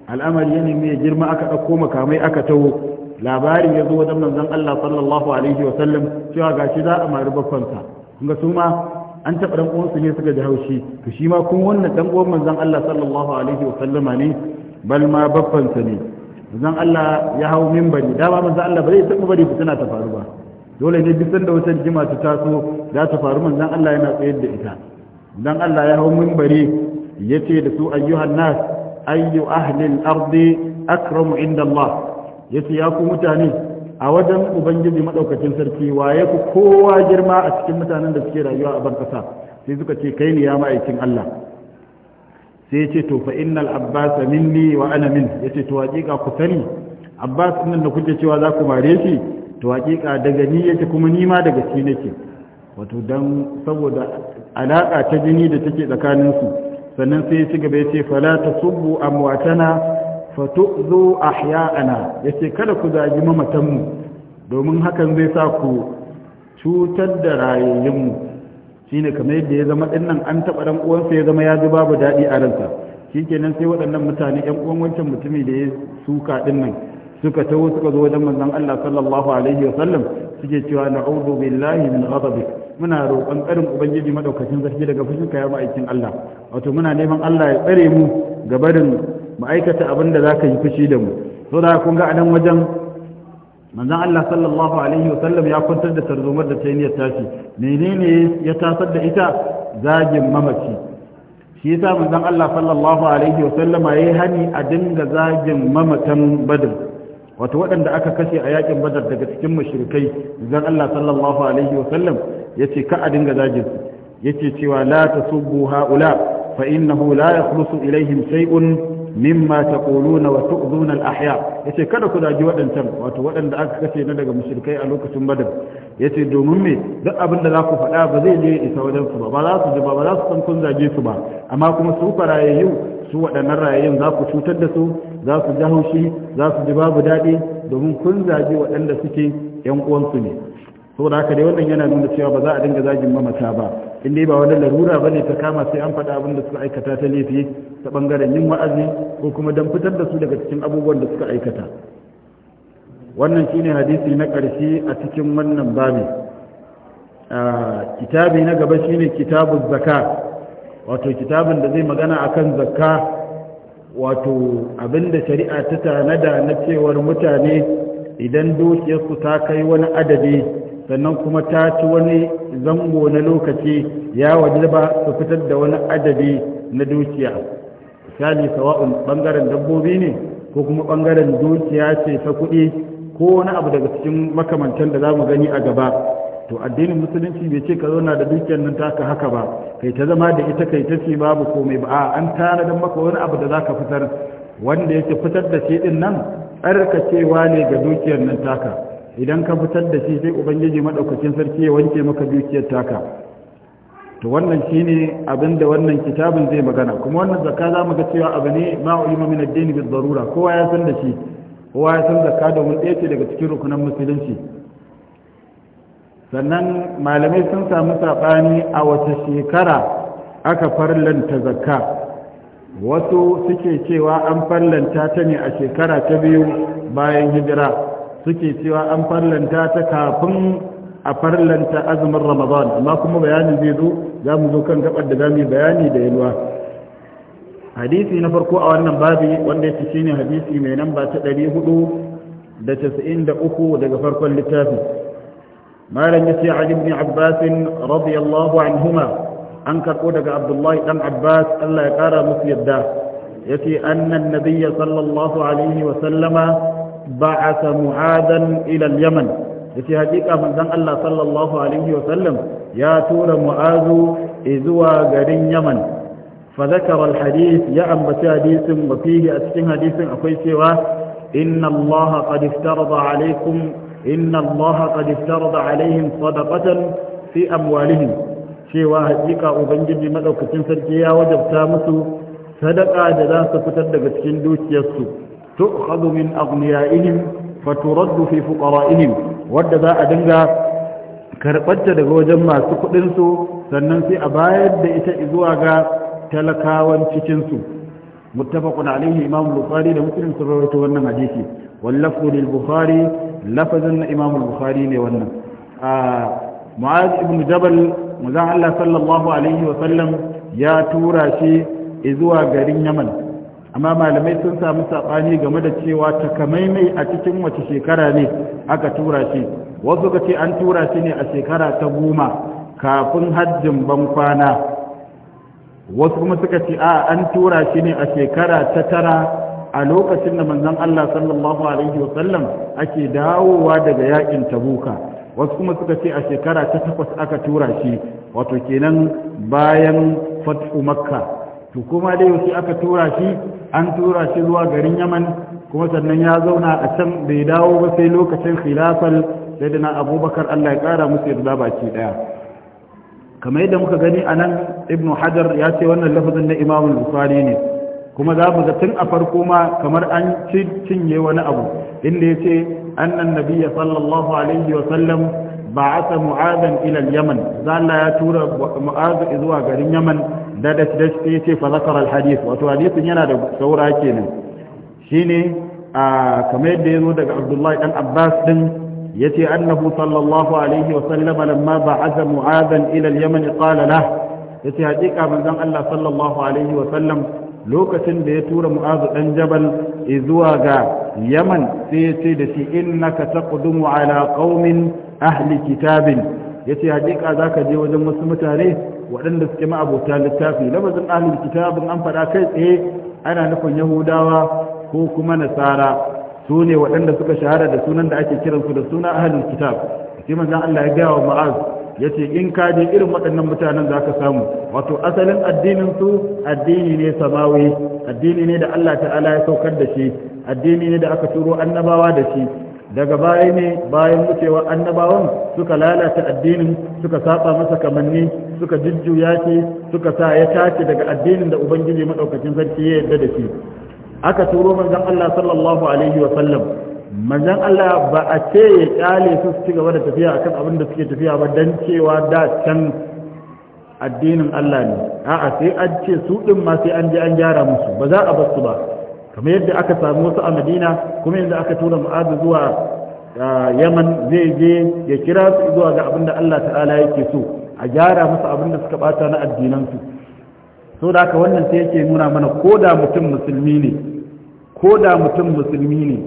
al'amari ya nemi ya girma aka ɗauko makamai aka taho labarin ya zo wajen manzon Allah sallallahu alaihi wa sallam cewa gashi za a mari bakwansa kuma ga su ma an taɓa dan uwansu ne suka ji haushi to shi ma kun wannan dan uwan manzon Allah sallallahu alaihi wa sallama ne bal ma bakwansa ne manzon Allah ya hau minbari dama manzon Allah ba zai taɓa bari fitina ta faru ba dole ne duk sanda wata jima ta taso za ta faru manzon Allah yana tsayar da ita dan Allah ya hau minbari yace da su ayyuhan nas ayyu ahli al-ardi akram inda Allah yace ya ku mutane a wajen ubangiji madaukakin sarki waye ku kowa girma a cikin mutanen da suke rayuwa a ban kasa sai suka ce kai ne ya ma'aikin Allah sai yace to fa innal abbas minni wa ana min yace to hakika ku sani abbas nan da kuke cewa za ku mare shi to hakika daga ni yake kuma ni ma daga shi nake wato dan saboda alaka ta jini da take tsakaninsu sannan sai ya ci gaba ya ce fala ta subbu a fatu'zu ya yace kada ku zagi mamatanmu domin hakan zai sa ku cutar da rayayyunmu ne kamar yadda ya zama dinnan an taba dan uwansa ya zama ya ji babu daɗi a ransa kenan sai waɗannan mutane ƴan uwan wancan mutumi da ya suka dinnan suka taho suka zo wajen manzon Allah sallallahu alaihi wasallam suke cewa na'udhu billahi min ghadabik muna roƙon tsarin ubangiji madaukakin zargi daga fushinka ya ma'aikin Allah wato muna neman Allah ya tsare mu ga barin ma'aikata abin da za ka yi fushi da mu so da kun ga anan wajen manzon Allah sallallahu alaihi wa sallam ya kwantar da tarzomar da ta tayyiyar tashi menene ya tasar da ita zagin mamaci shi yasa manzon Allah sallallahu alaihi wa sallama yayi hani a dinga zagin mamatan badr wato waɗanda aka kashe a yakin badar daga cikin mashirkai zan Allah sallallahu alaihi wa sallam. yace ka a dinga zagin su yake cewa la tasubbu haula fa innahu la yakhlusu ilaihim shay'un mimma taquluna wa tu'dhuna al-ahya yace kada ku zagi wadancan wato wadanda aka kace na daga mushrikai a lokacin badar yace domin me duk abin da za ku faɗa ba zai je isa wajen su ba ba za su ji ba ba za su san kun zage su ba amma kuma su farayayyu su waɗannan rayayyun za ku cutar da su za su ji haushi za su ji babu daɗi domin kun zage waɗanda suke yan uwansu ne saboda haka dai wannan yana nuna cewa ba za a dinga zagin mamata ba in dai ba wani larura bane ta kama sai an faɗa abin da suka aikata ta laifi ta bangaren yin wa'azi ko kuma dan fitar da su daga cikin abubuwan da suka aikata wannan shine hadisi na ƙarshe a cikin wannan babi kitabi na gaba shine kitabu zakka wato kitabin da zai magana akan zakka wato abinda shari'a ta tanada na cewar mutane idan dukiyarsu ta kai wani adadi sannan kuma ta ci wani zango na lokaci ya wajaba su fitar da wani adabi na dukiya misali sawa'un bangaren dabbobi ne ko kuma bangaren dukiya ce ta kuɗi ko wani abu daga cikin makamantan da za mu gani a gaba to addinin musulunci bai ce ka zauna da dukiyar nan ka haka ba kai ta zama da ita kai ta ce babu komai ba a an tanadar maka wani abu da za ka fitar wanda yake fitar da shi din nan tsarkacewa ne ga dukiyar nan taka idan ka fitar da shi sai ubangiji madaukakin sarki ya wanke maka dukiyar taka to wannan shine abinda wannan kitabin zai magana kuma wannan zakka za mu ga cewa abu ne ma ulima min ad-din bi darura kowa ya san da shi kowa ya san zakka domin ɗaya ce daga cikin rukunan musulunci sannan malamai sun samu saɓani a wata shekara aka farlanta zakka wasu suke cewa an farlanta ta ne a shekara ta biyu bayan hijira suke cewa an farlanta ta kafin a farlanta azumin ramadan amma kuma bayani zai zo za mu zo kan gabar da za mu yi bayani da yalwa hadisi na farko a wannan babi wanda yake shine hadisi mai namba ta 493 daga farkon littafi. malam yace ali ibn abbas radiyallahu anhuma an karbo daga abdullahi dan abbas Allah ya kara musu yadda yace annan nabiyya sallallahu alaihi wa sallama ba'atha mu'adan ila al-yaman yace hakika manzon Allah sallallahu alaihi wa sallam ya tura mu'azu zuwa garin yaman fa zakara al-hadith ya ambaci hadisin wa fihi a cikin hadisin akwai cewa inna Allah qad iftarada alaikum inna Allah qad iftarada alaihim sadaqatan fi amwalihim cewa hakika ubangiji madaukakin sarki ya wajabta musu sadaka da za su fitar daga cikin dukiyarsu tu'khadhu min aghniyaihim faturaddu fi fuqara'ihim wadda za a dinga karɓarta daga wajen masu kuɗinsu sannan sai a bayar da ita zuwa ga talakawan cikin su muttafaqun alayhi imam bukhari da muslim sun rawaito wannan hadisi wal lafzu lil bukhari lafazin imam bukhari ne wannan a ibn jabal manzon Allah sallam ya tura shi zuwa garin Yaman amma malamai sun samu saɓani game da cewa takamaimai a cikin wace shekara ne aka tura shi wasu ka ce an tura shi ne a shekara ta goma kafin hajjin ban kwana wasu kuma suka ce a an tura shi ne a shekara ta tara a lokacin da manzon Allah sallallahu alaihi wasallam ake dawowa daga yakin tabuka wasu kuma suka ce a shekara ta takwas aka tura shi wato kenan bayan fatu makka to kuma dai wasu aka tura shi an tura shi zuwa garin yaman kuma sannan ya zauna a can bai dawo ba sai lokacin khilafar sai da na abubakar allah ya kara musu yarda baki daya kamar yadda muka gani a nan ibnu hajar ya ce wannan lafazin na imamul bukhari ne kuma za mu ga tun a farko ma kamar an cinye wani abu inda ya ce annan nabiya sallallahu alaihi wa sallam ba'atha mu'adan ila yaman zalla ya tura mu'az zuwa garin yaman da da shi ce fa zakara wato hadisin yana da saura kenan shine a kamar yadda yazo daga Abdullahi dan Abbas din yace annahu sallallahu alaihi wa sallam lamma ba'atha mu'adhan ila al-yaman qala lah yace hakika manzon Allah sallallahu alaihi wa sallam lokacin da ya tura mu'azu dan jabal zuwa ga yaman sai ya ce da shi innaka taqdumu ala qaumin ahli kitabin yace hakika zaka je wajen wasu mutane waɗanda suke ma'abota littafi lafazin ahlul kitabin an faɗa kai tsaye ana nufin yahudawa ko kuma nasara su ne waɗanda suka shahara da sunan da ake kiransu da suna ahlul kitab sai manzon Allah ya gaya wa ma'az ce in ka je irin waɗannan mutanen za ka samu wato asalin addinin su addini ne samawi addini ne da Allah ta'ala ya saukar da shi addini ne da aka turo annabawa da shi daga baya ne bayan wucewa annabawan suka lalata addinin suka saba masa kamanni suka jujjuya shi suka sa ya tace daga addinin da ubangiji madaukakin sarki ya yarda da shi aka turo manzon Allah sallallahu alaihi wa sallam manzon Allah ba a ce ya kyale su su ci gaba da tafiya akan abin da suke tafiya ba dan cewa da can addinin Allah ne a'a sai an ce su din ma sai an je an gyara musu ba za a bar su ba kamar yadda aka samu wasu a madina kuma yadda aka tura mu'adu zuwa yaman zai je ya kira su zuwa ga abinda allah ta'ala yake so a gyara musu abinda suka bata na addinansu so da haka wannan sai yake nuna mana ko da mutum musulmi ne ko da mutum musulmi ne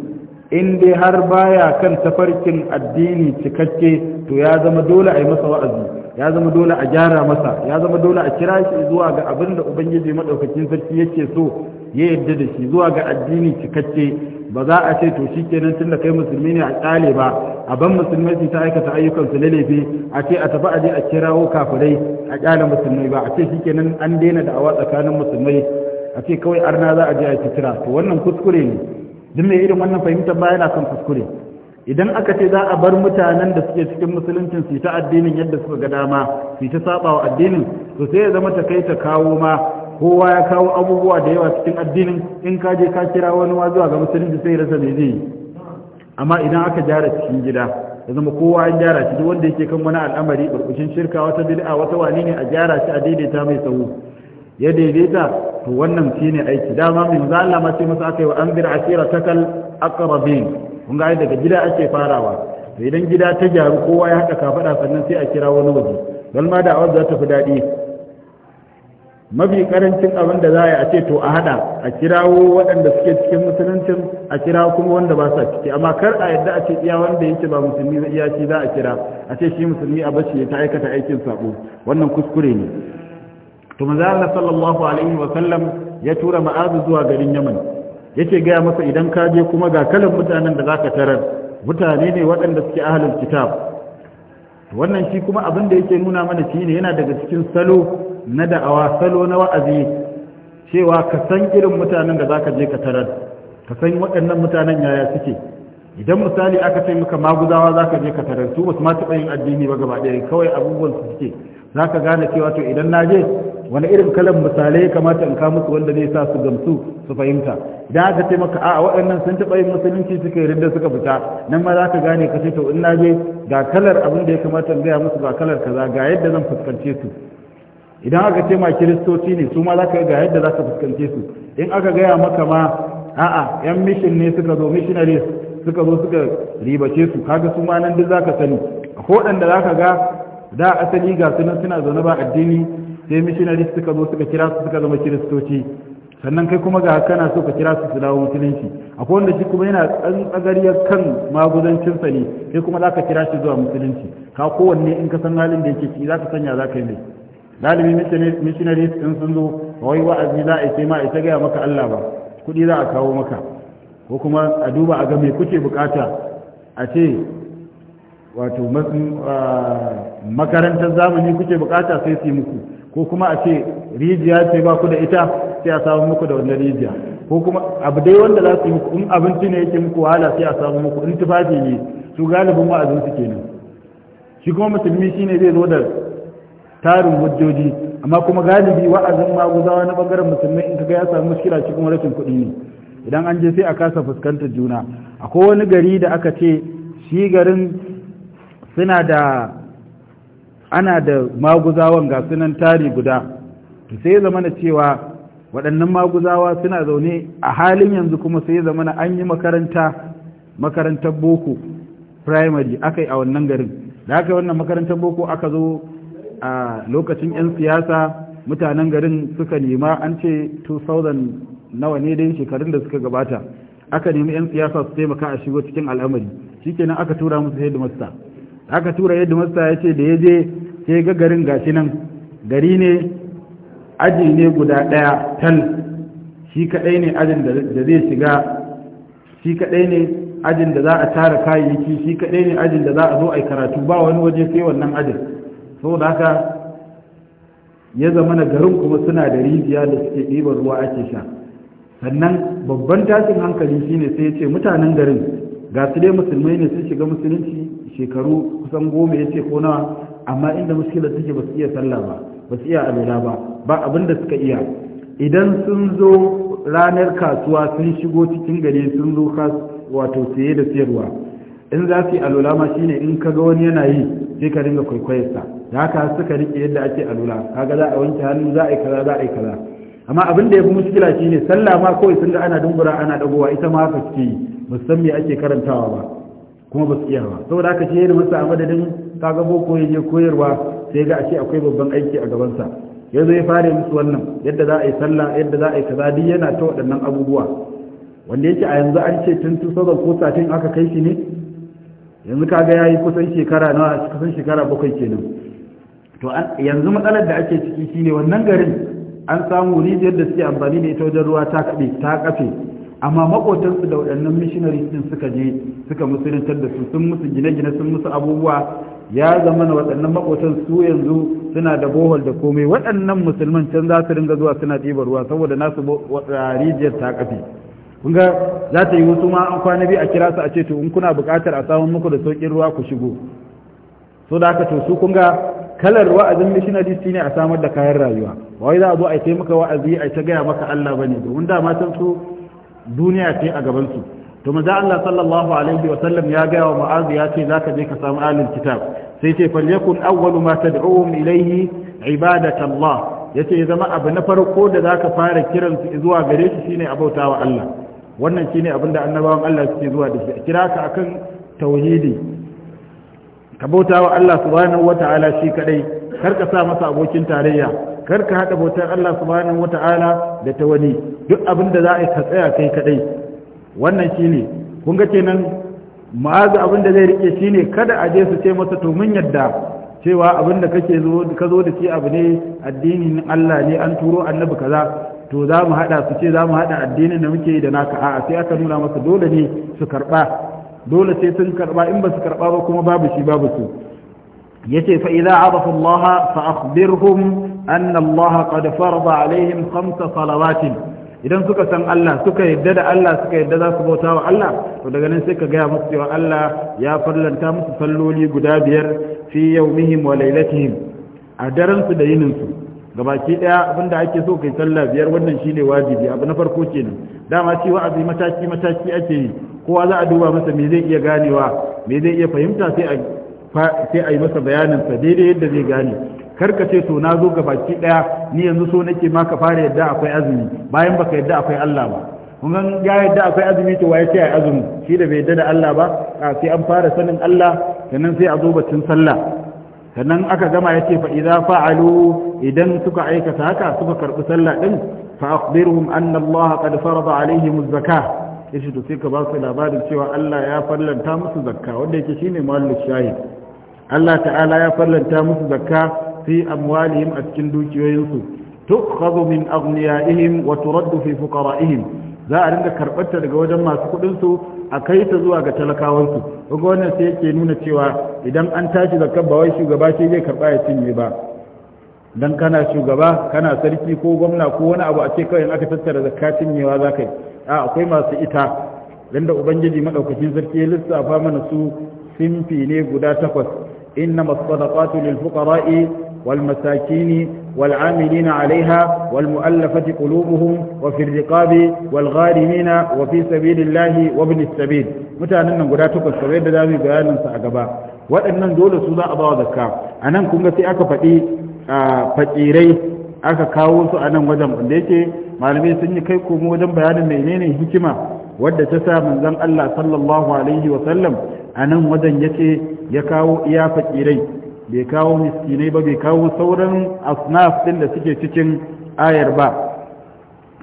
in dai har baya kan tafarkin addini cikakke to ya zama dole a yi masa wa'azi ya zama dole a gyara masa ya zama dole a kira shi zuwa ga abinda ubangiji madaukakin sarki yake so ya yadda da shi zuwa ga addini cikakke ba za a ce to shi kenan tun da kai musulmi ne a kyale ba a ban musulmai su ta aikata ayyukan su laifi a ce a tafi aje a kirawo kafirai a kyale musulmai ba a ce shi kenan an daina da awa tsakanin musulmai a ce kawai arna za a je a ci kira to wannan kuskure ne duk mai irin wannan fahimtar ba yana kan kuskure idan aka ce za a bar mutanen da suke cikin musuluncin su ta addinin yadda suka ga dama su ta saba wa addinin to sai ya zama ta kai ta kawo ma kowa ya kawo abubuwa da yawa cikin addinin in ka je ka kira wani wa zuwa ga musulunci sai rasa me zai yi amma idan aka gyara cikin gida ya zama kowa ya gyara shi duk wanda yake kan wani al'amari burbushin shirka wata bid'a wata wani ne a gyara shi a daidaita mai sahu ya daidaita to wannan shine aiki dama min za Allah ma ce masa aka yi wa an anzir takal aqrabin kun ga daga gida ake farawa to idan gida ta gyaru kowa ya haɗa kafaɗa sannan sai a kira wani waje don da awar za ta fi daɗi mafi karancin abin da za a yi a ce to a hada a kirawo waɗanda suke cikin musuluncin a kira kuma wanda ba sa ciki amma kar a yadda a ce iya wanda yake ba musulmi zai iya shi za a kira a ce shi musulmi a bashi ya ta aikata aikin sabo wannan kuskure ne to manzo Allah sallallahu alaihi wa sallam ya tura ma'azu zuwa garin Yaman yace ga masa idan ka je kuma ga kalan mutanen da zaka tarar mutane ne waɗanda suke ahlul kitab wannan shi kuma abin da yake nuna mana shine yana daga cikin salo na da'awa salo na wa'azi cewa ka san irin mutanen da zaka je ka tarar ka san waɗannan mutanen yaya suke idan misali aka ce maka maguzawa zaka je ka tarar su basu ma taɓa yin addini ba gaba ɗaya kawai abubuwan su suke zaka gane cewa to idan na je wani irin kalan misalai ya kamata in kawo musu wanda zai sa su gamsu su fahimta idan aka ce maka a waɗannan sun taɓa yin musulunci suka yi da suka fita nan ma za ka gane ka ce to in na je ga kalar abin da ya kamata in gaya musu ga kalar kaza ga yadda zan fuskance su idan aka ce ma kiristoci ne su ma za ka ga yadda za ka fuskance su in aka gaya maka ma a'a yan mishin ne suka zo missionaries suka zo suka ribace su kaga su ma nan duk za ka sani ko da za ka ga da asali ga nan suna zaune ba addini sai missionaries suka zo suka kira su suka zama kiristoci sannan kai kuma ga kana so ka kira su su dawo musulunci akwai wanda shi kuma yana tsagariya kan maguzancinsa ne sai kuma za ka kira shi zuwa musulunci ka kowanne in ka san halin da yake ci za ka sanya za ka yi mai galibi missionaries din sun zo wai wa'azi za a ma ita gaya maka Allah ba kuɗi za a kawo maka ko kuma a duba a ga me kuke bukata a ce wato mm, makarantar zamani kuke bukata sai su yi muku ko kuma a ce rijiya ce ba ku da ita sai a samu muku da wannan rijiya ko kuma abu dai wanda za su yi muku in abinci ne yake muku wahala sai a samu muku in tufafi ne su galibin wa'azin su kenan shi kuma musulmi shine zai zo da tarin hujjoji amma kuma galibi wa'azin maguzawa na bangaren musulmai in kaga ya samu mushkila cikin rashin kuɗi ne idan an je sai a kasa fuskantar juna akwai wani gari da aka ce shi garin suna da ana da maguzawan ga sunan tari guda to sai zama na cewa waɗannan maguzawa suna zaune a halin yanzu kuma sai zama na an yi makaranta makarantar boko primary aka yi a wannan garin da aka yi wannan makarantar boko aka zo a lokacin 'yan siyasa mutanen garin suka nema an ce 2000 nawa ne dai shekarun da suka gabata aka nemi 'yan siyasa su taimaka a shigo cikin al'amari shikenan aka tura musu masta aka tura masta ya ce da ya je ke ga garin gashi nan gari ne aji ne guda ɗaya tal shi kaɗai ne ajin da zai shiga shi kaɗai ne ajin da za a tara kayayyaki shi kaɗai ne ajin da za a zo a yi karatu ba wani waje sai wannan ajin saboda haka ya zama na garin kuma suna da rijiya da suke ɗiban ruwa ake sha sannan babban tashin hankali shine sai ya ce mutanen garin ga su dai musulmai ne sun shiga musulunci shekaru kusan goma ya ce ko nawa amma inda muskilar take ba su iya sallah ba ba su iya alula ba ba abin da suka iya idan sun zo ranar kasuwa sun shigo cikin gari sun zo wato saye da siyarwa. in za su yi alula ma shine in ka ga wani yana yi sai ka dinga kwaikwayarsa da haka suka rike yadda ake alula kaga za a wanke hannu za a yi kaza za a yi kaza amma abin da ya fi muskila shine sallah ma kawai sun ga ana dumbura ana dagowa ita ma haka suke yi san me ake karantawa ba kuma ba su iya ba saboda haka shi ne masa a madadin kaga boko ya je koyarwa sai ga ashe akwai babban aiki a gabansa zo ya fara musu wannan yadda za a yi sallah yadda za a yi kaza duk yana ta waɗannan abubuwa wanda yake a yanzu an ce tun ko satin aka kai shi ne yanzu kaga yayi kusan shekara na kusan shekara bakwai kenan to yanzu matsalar da ake ciki shine wannan garin an samu rijiyar da suke amfani da ita wajen ruwa ta kaɗe ta kafe amma makotansu da waɗannan missionaries din suka je suka musuluntar da su sun musu gine-gine sun musu abubuwa ya zama na waɗannan makotan su yanzu suna da bohol da komai waɗannan musulman can za su ringa zuwa suna ɗibar ruwa saboda nasu rijiyar ta kafe kun ga za ta yi wasu ma an kwana biyu a kira su a ce to in kuna buƙatar a samun muku da sauƙin ruwa ku shigo so da aka to su kun ga kalar wa'azin missionary shi ne a samar da kayan rayuwa wai za a zo a yi maka wa'azi a ta gaya maka Allah ba ne domin dama san su duniya ce a su to maza Allah sallallahu alaihi sallam ya gaya wa ma'azu ya ce za ka je ka samu alin kitab sai ce yakun awwalu ma tad'uhum ilayhi ibadatallah yace ya zama abu na farko da zaka fara kiransu zuwa gare shi shine abautawa Allah wannan shi abin da annabawan Allah suke zuwa da shi a kira ka akan tauhidi ka bauta wa Allah subhanahu wata'ala shi kadai kar ka sa masa abokin tarayya kar ka hada bautar Allah subhanahu wata'ala da ta wani duk abin za a yi ka tsaya kai kadai wannan shi ne. kun ga kenan ma'azu abin zai rike ne, kada a je su ce masa to mun yadda cewa abin da kake zo ka zo da shi abu ne addinin Allah ne an turo annabi kaza to za mu haɗa su ce za mu haɗa addinin da muke yi da naka a'a sai aka nuna masa dole ne su karɓa dole sai sun karɓa in ba su karɓa ba kuma babu shi babu su yace ce idza arafa Allah fa akhbirhum Allah qad farada alaihim khamsa salawatin idan suka san Allah suka yadda da Allah suka yadda za su bauta wa Allah to daga nan sai ka gaya musu cewa Allah ya farlanta musu salloli guda biyar fi yawmihim wa lailatihim a daren su da yinin su gabaki daya da ake so kai sallah biyar wannan shine wajibi abu na farko kenan dama ce wa'azi mataki mataki ake yi kowa za a duba masa me zai iya ganewa me zai iya fahimta sai a sai a yi masa bayanin sa daidai yadda zai gane karka ce to na zo gabaki daya ni yanzu so nake ma ka fara yadda akwai azumi bayan baka yadda akwai Allah ba kun ga ya yadda akwai azumi to waye ce ai azumi shi da bai yadda da Allah ba sai an fara sanin Allah sannan sai a zo bacin sallah sannan aka gama ya ce fa idza fa'alu idan suka aikata haka suka karbi sallah ɗin. fa akhbirhum anna Allah qad farada alaihim zakah yace ka ba su labarin cewa Allah ya fallanta musu zakka wanda yake shine muallif shahid Allah ta'ala ya fallanta musu zakka fi amwalihim a cikin dukiyoyinsu tukhadhu min aghniyaihim wa turaddu fi fuqara'ihim za a rinda karɓarta daga wajen masu kuɗinsu. su a kai ta zuwa ga talakawansu kuma wannan sai yake nuna cewa idan an tashi zakka ba wai shugaba ce zai karba ya cinye ba dan kana shugaba kana sarki ko gwamna ko wani abu a ce kawai in aka tattara zakka cinyewa za ka a akwai masu ita dan da ubangiji madaukakin sarki ya lissafa mana su simfi ne guda takwas innamas sadaqatu lil fuqara'i wal masakini والعاملين عليها والمؤلفة قلوبهم وفي الرقاب والغارمين وفي سبيل الله وابن السبيل mutanen nan guda takwas kamar yadda zamu bayanin su a gaba waɗannan dole su za a bawa zakka anan kun ga sai aka faɗi fakirai aka kawo su anan wajen wanda yake malamai sun yi kai komo wajen bayanin menene hikima wadda ta sa manzon Allah sallallahu alaihi wa sallam anan wajen yace ya kawo iya faƙirai. bai kawo miskinai ba bai kawo sauran asnaf din da suke cikin ayar ba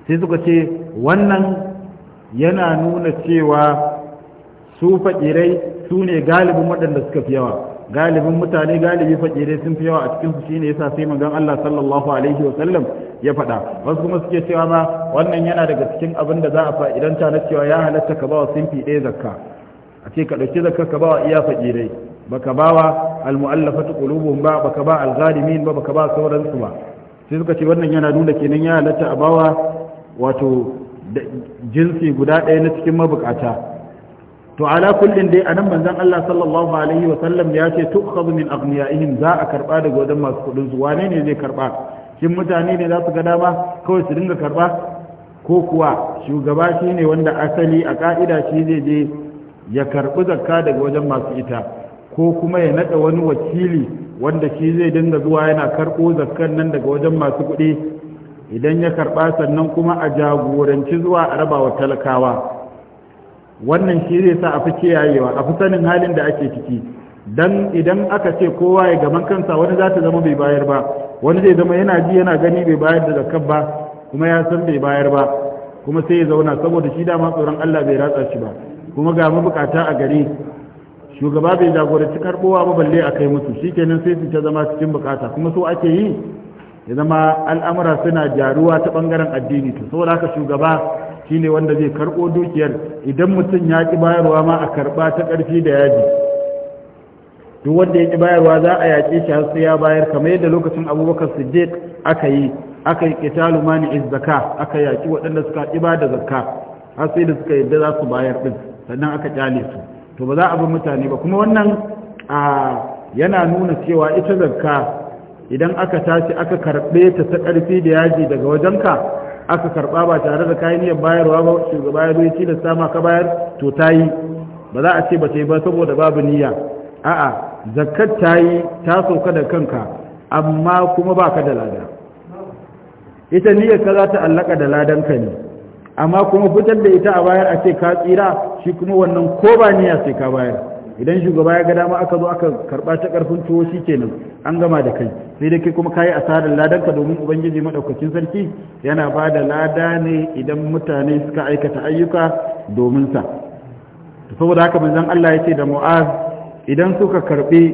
sai suka ce wannan yana nuna cewa su fakirai su ne galibin waɗanda suka fi yawa galibin mutane galibi fakirai sun fi yawa a cikinsu shine yasa sai magan Allah sallallahu alaihi wa sallam ya faɗa wasu kuma suke cewa ma wannan yana daga cikin abin da za a fa'idanta na cewa ya halatta ka ba wa fi ɗaya zakka a ce ka ɗauki zakka ka ba wa iya fakirai baka ba bawa almu'allafatu qulubuhum ba baka ba alghalimin ba baka ba sauransu ba sai suka ce wannan yana nuna kenan ya halatta a bawa wato jinsi guda ɗaya na cikin mabukata to ala kullin dai anan manzon Allah sallallahu alaihi wa sallam ya ce tukhadhu min aghniyaihim za a karba daga wajen masu kudin su wane ne zai karba shin mutane ne za su ga dama kawai su dinga karba ko kuwa shugaba shine wanda asali a ka'ida shi zai je ya karbi zakka daga wajen masu ita ko kuma ya nada wani wakili wanda shi zai dinga zuwa yana karɓo zakkan nan daga wajen masu kuɗi idan ya karɓa sannan kuma a jagoranci zuwa a raba wa talakawa wannan shi zai sa a fi kiyayewa a fi sanin halin da ake ciki dan idan aka ce kowa ya gaban kansa wani za ta zama bai bayar ba wani zai zama yana ji yana gani bai bayar da zakkan ba kuma ya san bai bayar ba kuma sai ya zauna saboda shi dama tsoron Allah bai ratsa shi ba kuma ga mabukata a gari shugaba bai jagoranci karbowa ba balle a kai musu kenan sai su ta zama cikin bukata kuma so ake yi ya zama al'amura suna jaruwa ta bangaren addini to saboda haka shugaba shine wanda zai karbo dukiyar idan mutum ya ki bayarwa ma a karba ta karfi da yaji duk wanda ya ki bayarwa za a yaƙe shi har sai ya bayar kamar yadda lokacin abubakar siddiq aka yi aka yi qitalu mani zakka aka yaƙi waɗanda suka ƙiba da zakka har sai da suka yadda za su bayar ɗin sannan aka kyale su to ba za a bi mutane ba kuma wannan yana nuna cewa ita zarka idan aka tashi aka karɓe ta ta ƙarfi da yaji daga wajenka aka karɓa ba tare da kayan niyyar bayarwa ba shugaba ya zai tilas sama ka bayar to ta yi ba za a ce ba ta yi ba saboda babu niyya a'a zakkar ta yi ta sauka da kanka amma kuma ba ka da lada ita niyyar ka za ta allaka da ladanka ne amma kuma fitar da ita a bayar a ce ka tsira shi kuma wannan ko ba niyya sai ka bayar idan shugaba ya ga dama aka zo aka karba ta karfin tuwo shi kenan an gama da kai sai dai kai kuma kayi asarar ladanka domin ubangiji madaukakin sarki yana ba da lada ne idan mutane suka aikata ayyuka domin sa saboda haka manzon Allah ya ce da Mu'az idan suka karbe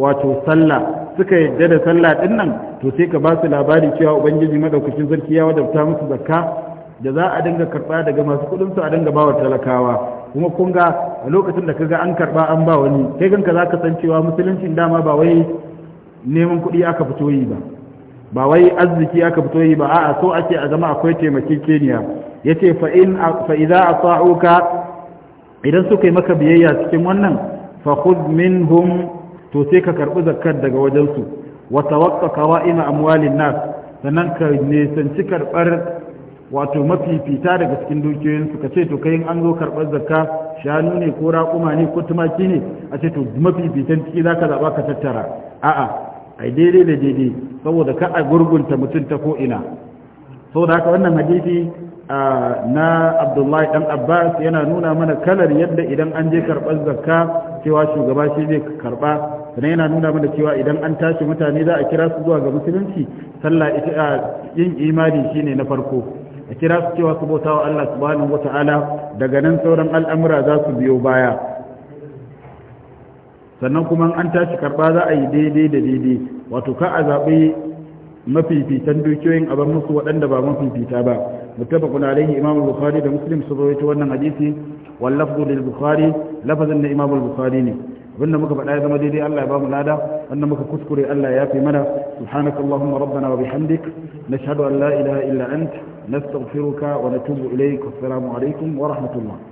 wato sallah suka yadda da sallah din to sai ka ba su labari cewa ubangiji madaukakin sarki ya wadabta musu zakka da za a dinga karɓa daga masu kuɗin su a dinga bawa talakawa kuma kun ga a lokacin da kaga an karɓa an ba wani kai ganka za ka san cewa musuluncin dama ba wai neman kuɗi aka fito yi ba ba wai arziki aka fito yi ba a'a so ake a zama akwai taimakekeniya yace fa in fa idza ata'uka idan suka yi maka biyayya cikin wannan fa khudh minhum to sai ka karbi zakkar daga wajensu wa tawaqqa qawa'ima amwalin nas sannan ka nisanci karɓar wato mafifita daga cikin dukiyoyinsu ka ce to kai an zo karɓar zakka shanu ne ko raƙuma ne ko tumaki ne a ce to mafifitan ciki za ka zaɓa ka tattara a'a ai daidai da daidai saboda ka a gurgunta mutum ta ina saboda haka wannan hadisi na abdullahi dan abbas yana nuna mana kalar yadda idan an je karɓar zakka cewa shugaba shi zai karɓa sannan yana nuna mana cewa idan an tashi mutane za a kira su zuwa ga musulunci sallah ita yin imani shine na farko a kira su cewa su bauta wa Allah subhanahu wata'ala daga nan sauran al'amura za su biyo baya sannan kuma an tashi karba za a yi daidai da daidai wato ka a zaɓi mafifitan dukiyoyin a musu waɗanda ba mafifita ba mutabakun alaihi imam bukhari da muslim su rawaito wannan hadisi wallafdu lil bukhari lafazin na imam bukhari ne abinda muka faɗa ya zama daidai Allah ya bamu lada wanda muka kuskure Allah ya fi mana subhanakallahumma rabbana wa bihamdik nashhadu an la ilaha illa anta نستغفرك ونتوب إليك والسلام عليكم ورحمة الله